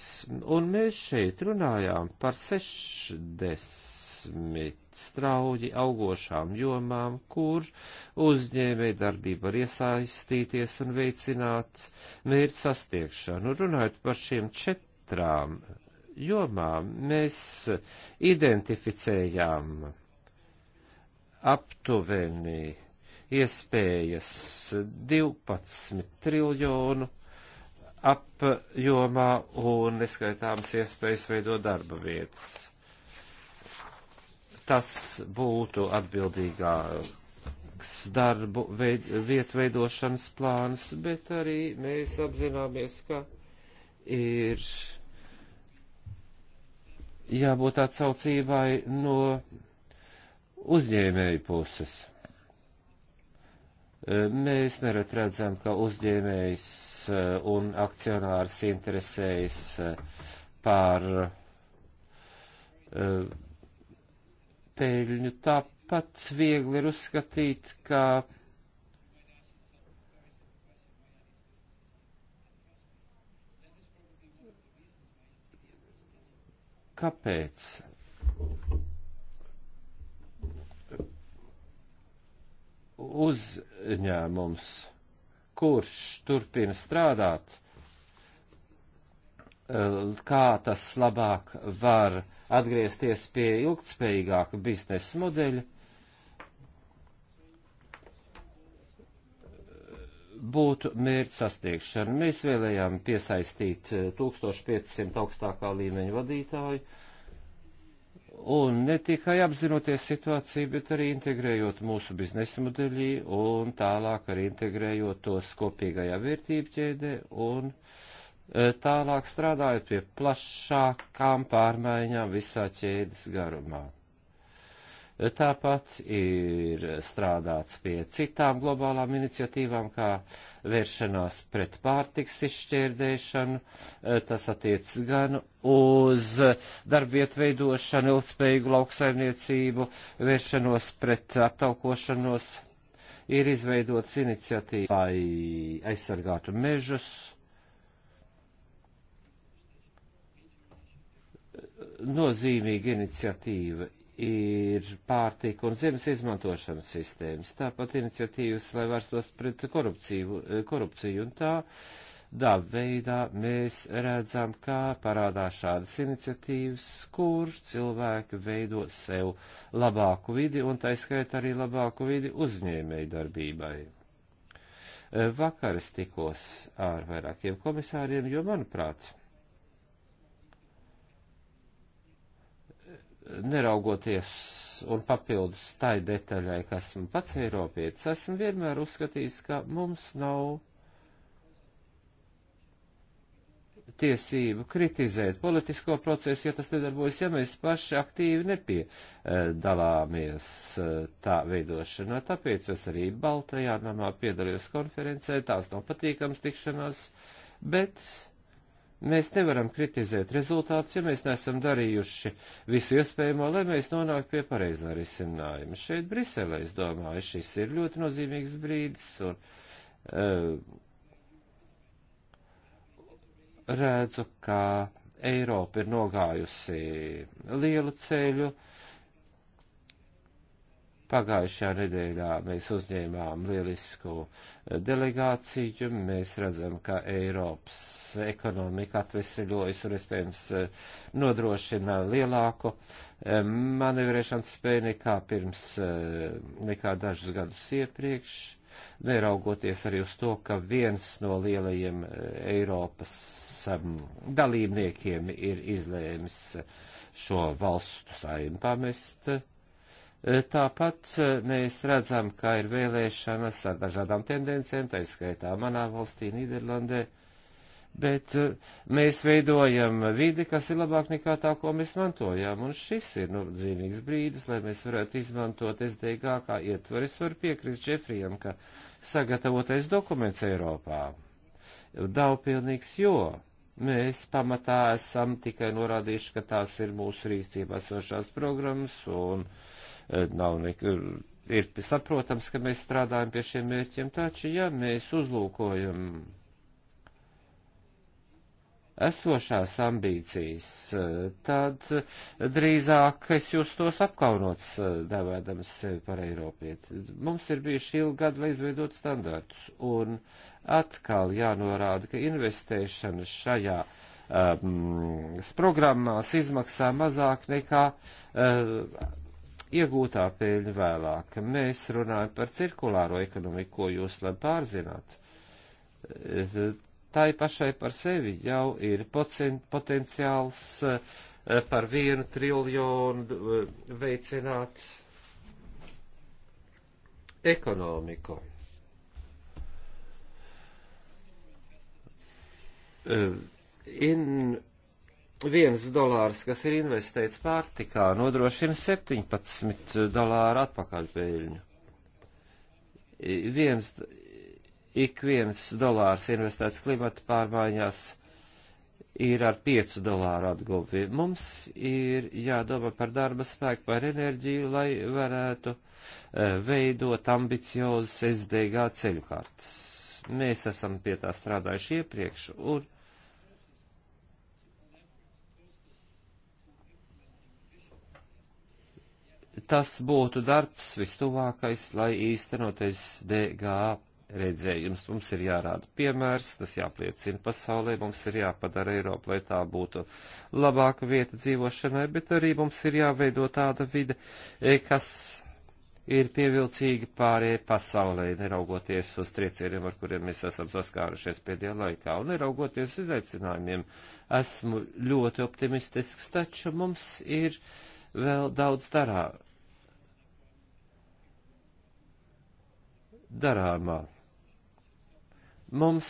S1: Un mēs šeit runājām par 60 strauji augošām jomām, kur uzņēmēji darbība var iesaistīties un veicināt mērķu sasniegšanu. Runājot par šiem četrām jomām, mēs identificējām aptuveni iespējas 12 triljonu apjomā un neskaitāmas iespējas veidot darba vietas. Tas būtu atbildīgāks darbu veid, vietu veidošanas plāns, bet arī mēs apzināmies, ka ir jābūt atsaucībai no uzņēmēju puses. Mēs nerad redzam, ka uzņēmējs eh, un akcionārs interesējas eh, par eh, peļņu. Tāpat viegli ir uzskatīt, ka kāpēc? Uz uzņēmums, kurš turpina strādāt, eh, kā tas labāk var atgriezties pie ilgtspējīgāka biznesa modeļa, būtu mērķa sasniegšana. Mēs vēlējām piesaistīt 1500 eh, augstākā līmeņa vadītāju, un ne tikai apzinoties situāciju, bet arī integrējot mūsu biznesa modeļī un tālāk arī integrējot tos kopīgajā vērtību ķēdē un e, tālāk strādājot pie plašākām pārmaiņām visā ķēdes garumā. Tāpat ir strādāts pie citām globālām iniciatīvām, kā vēršanās pret pārtiks izšķērdēšanu. Eh, tas attiecas gan uz darbiet veidošanu, ilgspējīgu lauksaimniecību, vēršanos pret aptaukošanos. Ir izveidots iniciatīvas, lai aizsargātu mežus, nozīmīga iniciatīva ir pārtika un zemes izmantošanas sistēmas, tāpat iniciatīvas, lai vērstos pret korupciju, eh, korupciju un tā. Tā veidā mēs redzam, kā parādās šādas iniciatīvas, kurš cilvēki veido sev labāku vidi un taiskait arī labāku vidi uzņēmēji darbībai. Eh, vakar es tikos ar vairākiem komisāriem, jo, manuprāt, neraugoties un papildus tai detaļai, ka esmu pats Eiropietis, esmu vienmēr uzskatījis, ka mums nav tiesību kritizēt politisko procesu, ja tas nedarbojas, ja mēs paši aktīvi nepiedalāmies eh, tā veidošanā. Tāpēc es arī Baltajā namā piedalījos konferencē, tās nav patīkams tikšanās, bet Mēs nevaram kritizēt rezultātus, ja mēs neesam darījuši visu iespējamo, lai mēs nonāktu pie pareizā risinājuma. Šeit Briselē, es domāju, šis ir ļoti nozīmīgs brīdis un uh, redzu, ka Eiropa ir nogājusi lielu ceļu. Uh, Pagājušajā nedēļā mēs uzņēmām lielisku eh, delegāciju. Mēs redzam, ka Eiropas ekonomika atveseļojas un, iespējams, eh, nodrošina lielāku eh, manevrēšanas spēju nekā pirms, nekā dažus gadus iepriekš. Neraugoties arī uz to, ka viens no lielajiem Eiropas ehm, dalībniekiem ir izlēmis šo valstu saimnu pamest Tāpat eh, mēs redzam, ka ir vēlēšanas ar dažādām tendencēm, tā izskaitā manā valstī, Nīderlandē, bet eh, mēs veidojam vidi, kas ir labāk nekā tā, ko mēs mantojām, un šis ir nu, dzīvīgs brīdis, lai mēs varētu izmantot SDG kā ietvaru. Es varu piekrist Džefrijam, ka sagatavotais dokuments Eiropā nav pilnīgs, jo mēs pamatā esam tikai norādījuši, ka tās ir mūsu rīcībā sošās programmas un uh, Eh, nav nekur. Ir saprotams, ka mēs strādājam pie šiem mērķiem, taču, ja mēs uzlūkojam esošās ambīcijas, eh, tad drīzāk es jūs tos apkaunots, devēdams eh, sevi par Eiropieti. Mums ir bijuši ilgi gadi, lai izveidot standartus, un atkal jānorāda, ka investēšana šajā um, programmās izmaksā mazāk nekā uh, iegūtā peļņa vēlāk. Mēs runājam par cirkulāro ekonomiku, ko jūs labi pārzināt. Tai pašai par sevi jau ir potenciāls eh, par vienu triljonu eh, veicināt ekonomiku. Eh, in viens dolārs, kas ir investēts pārtikā, nodrošina 17 dolāru atpakaļpēļņu. Viens, ik viens dolārs investēts klimata pārmaiņās ir ar 5 dolāru atguvi. Mums ir jādomā par darba spēku, par enerģiju, lai varētu e, veidot ambiciozus SDG ceļu kartas. Mēs esam pie tā strādājuši iepriekš, un tas būtu darbs vistuvākais, lai īstenoties DGA redzējums. Mums ir jārāda piemērs, tas jāpliecina pasaulē, mums ir jāpadara Eiropa, lai tā būtu labāka vieta dzīvošanai, bet arī mums ir jāveido tāda vide, e, kas ir pievilcīga pārējai pasaulē, neraugoties uz triecieniem, ar kuriem mēs esam saskārušies pēdējā laikā, un neraugoties uz izaicinājumiem. Esmu ļoti optimistisks, taču mums ir vēl daudz darā, darāmā. Mums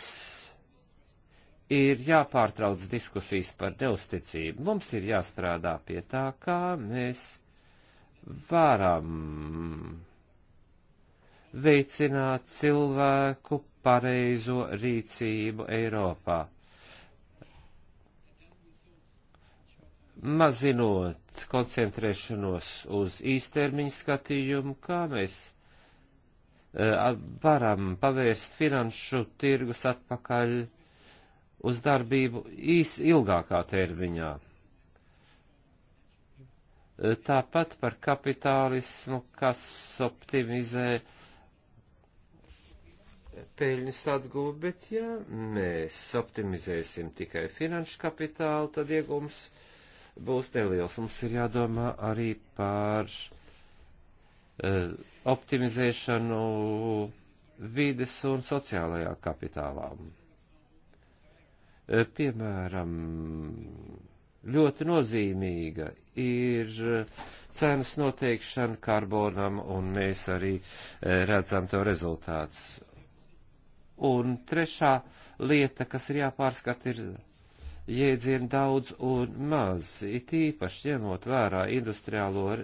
S1: ir jāpārtrauc diskusijas par neusticību. Mums ir jāstrādā pie tā, kā mēs varam veicināt cilvēku pareizo rīcību Eiropā. Mazinot koncentrēšanos uz īstermiņu skatījumu, kā mēs Eh, varam pavērst finanšu tirgus atpakaļ uz darbību īs ilgākā termiņā. Eh, tāpat par kapitālismu, kas optimizē peļņas atgūvi, bet ja mēs optimizēsim tikai finanšu kapitālu, tad iegums būs neliels. Mums ir jādomā arī par uh, E, optimizēšanu vides un sociālajā kapitālā. E, piemēram, ļoti nozīmīga ir cenas noteikšana karbonam, un mēs arī e, redzam to rezultāts. Un trešā lieta, kas ir jāpārskata, ir jēdzienu daudz un maz, it īpaši ņemot vērā industriālo eh,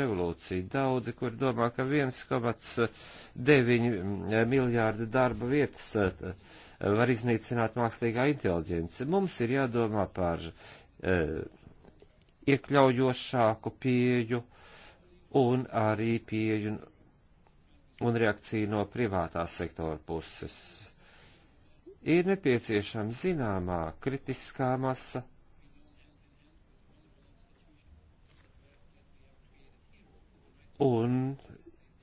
S1: revolūciju. Daudzi, kur domā, ka 1,9 eh, miljārdi darba vietas eh, var iznīcināt mākslīgā inteliģence. Mums ir jādomā par iekļaujošāku pieju un arī pieju un reakciju no privātās sektora puses ir nepieciešama zināmā kritiskā masa, un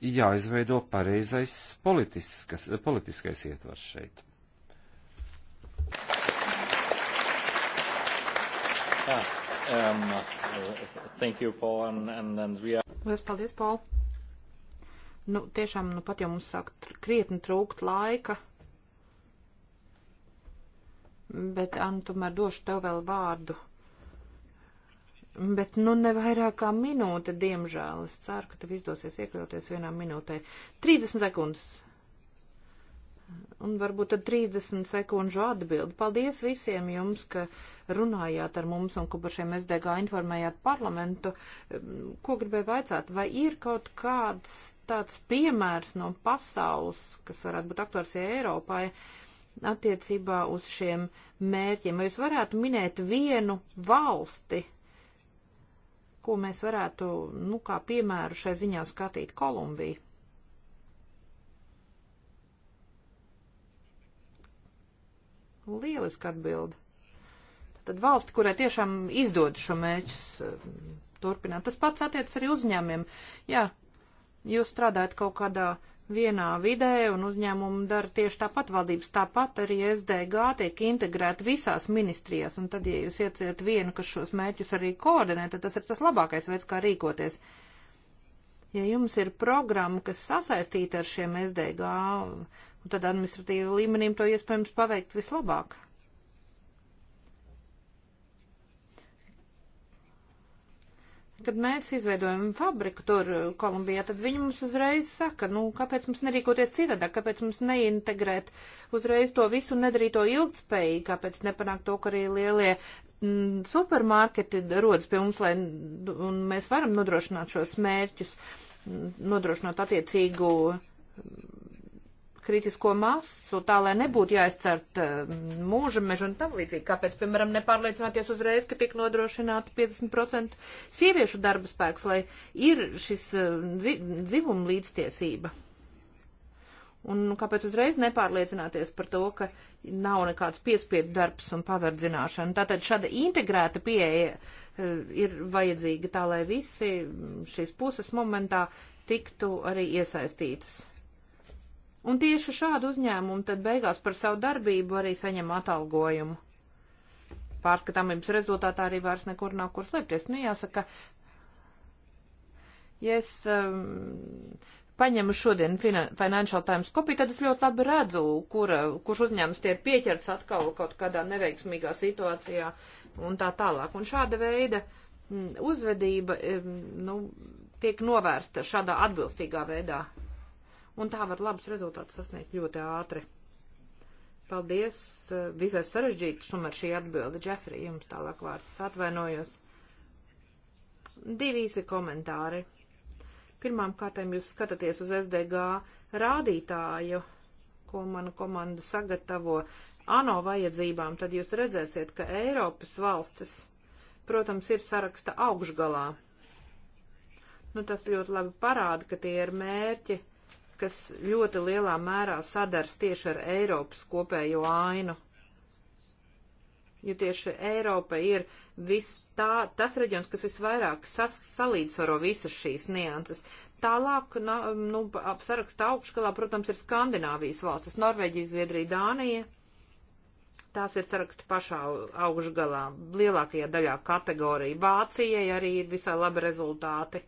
S1: jāizveido pareizais politiskais ietvars šeit. Ah, um, uh, thank you, Paul, and, and Andrea.
S2: Lielas paldies, Paul. Nu, tiešām, nu pat jau mums sāk krietni trūkt laika bet, Anna, tomēr došu tev vēl vārdu. Bet, nu, ne vairāk kā minūte, diemžēl. Es ceru, ka tev izdosies iekļauties vienā minūtē. 30 sekundes. Un varbūt tad 30 sekundžu atbildi. Paldies visiem jums, ka runājāt ar mums un ka par šiem SDG informējāt parlamentu. Ko gribēju vaicāt? Vai ir kaut kāds tāds piemērs no pasaules, kas varētu būt aktuāls Eiropai? Ja attiecībā uz šiem mērķiem. Vai jūs varētu minēt vienu valsti, ko mēs varētu, nu, kā piemēru šai ziņā skatīt Kolumbiju? Lieliski atbildi. Tad valsti, kurai tiešām izdod šo mēķus eh, turpināt. Tas pats attiecas arī uzņēmiem. Jā, jūs strādājat kaut kādā uh, vienā vidē un uzņēmumi dara tieši tāpat valdības. Tāpat arī SDG tiek integrēta visās ministrijās, un tad, ja jūs ieciet vienu, kas šos mērķus arī koordinē, tad tas ir tas labākais veids, kā rīkoties. Ja jums ir programma, kas sasaistīta ar šiem SDG, tad administratīvi līmenim to iespējams paveikt vislabāk. Kad mēs izveidojam fabriku tur eh, Kolumbijā, tad viņi mums uzreiz saka, nu, kāpēc mums nerīkoties citādāk, kāpēc mums neintegrēt uzreiz to visu un nedarīt to ilgtspējīgi, kāpēc nepanākt to, ka arī lielie mm, supermarketi rodas pie mums, lai un mēs varam nodrošināt šos mērķus, mm, nodrošināt attiecīgu kritisko masu, tā lai nebūtu jāizcert eh, mūža mežu un tam līdzīgi. Kāpēc, piemēram, nepārliecināties uzreiz, ka tiek nodrošināta 50% sieviešu darba spēks, lai ir šis eh, dzi dzimuma līdztiesība? Un kāpēc uzreiz nepārliecināties par to, ka nav nekāds piespiedu darbs un paverdzināšana? Tātad šāda integrēta pieeja eh, ir vajadzīga tā, lai visi mm, šīs puses momentā tiktu arī iesaistītas Un tieši šādu uzņēmumu tad beigās par savu darbību arī saņem atalgojumu. Pārskatāmības rezultātā arī vairs nekur nav kur slēpties. Nu, jāsaka, ja es um, paņemu šodien Financial Times kopiju, tad es ļoti labi redzu, kura, kurš uzņēmums tie ir pieķerts atkal kaut kādā neveiksmīgā situācijā un tā tālāk. Un šāda veida mm, uzvedība, nu, tiek novērsta šādā atbilstīgā veidā un tā var labus rezultātus sasniegt ļoti ātri. Paldies, visai sarežģīta šumar šī atbilde, Džefri, jums tālāk vārds, es atvainojos. Divi īsi komentāri. Pirmām kārtām jūs skatāties uz SDG rādītāju, ko mana komanda sagatavo ANO vajadzībām, tad jūs redzēsiet, ka Eiropas valstis, protams, ir saraksta augšgalā. Nu, tas ļoti labi parāda, ka tie ir mērķi, kas ļoti lielā mērā sadars tieši ar Eiropas kopējo ainu. Jo tieši Eiropa ir vis tā, tas reģions, kas visvairāk sas, salīdzvaro visas šīs nianses. Tālāk, na, nu, ap saraksta augšgalā, protams, ir Skandināvijas valstis - Norvēģija, Zviedrija, Dānija. Tās ir saraksta pašā augšgalā, lielākajā daļā kategorija. Vācijai arī ir visai labi rezultāti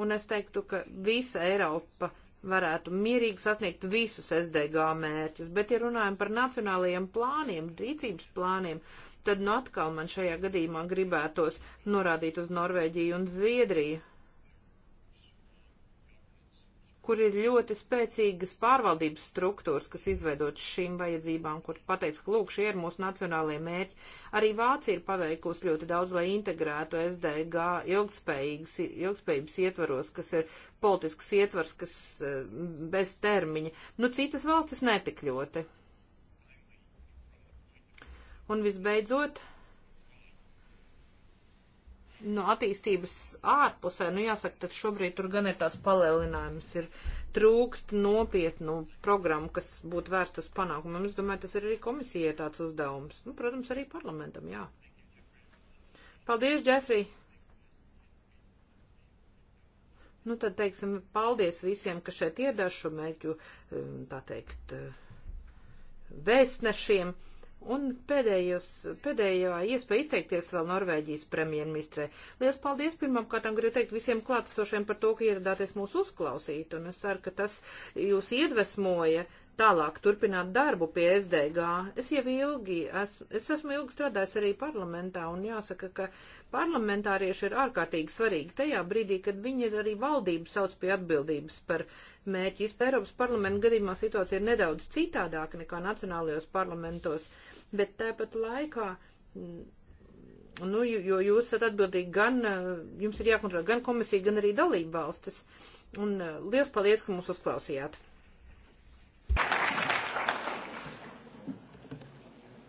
S2: un es teiktu, ka visa Eiropa varētu mierīgi sasniegt visus SDG mērķus, bet, ja runājam par nacionālajiem plāniem, rīcības plāniem, tad nu atkal man šajā gadījumā gribētos norādīt uz Norvēģiju un Zviedriju, kur ir ļoti spēcīgas pārvaldības struktūras, kas izveidotas šīm vajadzībām, kur pateic, ka lūk, šie ir mūsu nacionālie mērķi. Arī Vācija ir paveikusi ļoti daudz, lai integrētu SDG ilgspējības ietvaros, kas ir politisks ietvars, kas eh, bez termiņa. Nu, citas valstis netik ļoti. Un visbeidzot, no attīstības ārpusē, nu jāsaka, tad šobrīd tur gan ir tāds palielinājums, ir trūkst nopietnu programmu, kas būtu vērst uz panākumiem. Es domāju, tas ir arī komisijai tāds uzdevums. Nu, protams, arī parlamentam, jā. Paldies, Džefrī! Nu, tad teiksim, paldies visiem, kas šeit iedara šo mērķu, eh, tā teikt, eh, vēstnešiem. Un pēdējos, pēdējā iespēja izteikties vēl Norvēģijas premjerministrē. Lielas paldies pirmām kārtām gribu teikt visiem klātesošiem par to, ka ieradāties mūs uzklausīt, un es ceru, ka tas jūs iedvesmoja uh, tālāk turpināt darbu pie SDG. Es jau ilgi, es, es esmu ilgi strādājis arī parlamentā, un jāsaka, ka parlamentārieši ir ārkārtīgi svarīgi tajā brīdī, kad viņi ir arī valdību sauc pie atbildības par mērķi. Eiropas parlamenta gadījumā situācija ir nedaudz citādāka nekā nacionālajos parlamentos, bet tāpat laikā. Mm, nu, jo jūs esat atbildīgi gan, jums ir jākontrolē gan komisija, gan arī dalība valstis. Un eh, liels paldies, ka mūs uzklausījāt!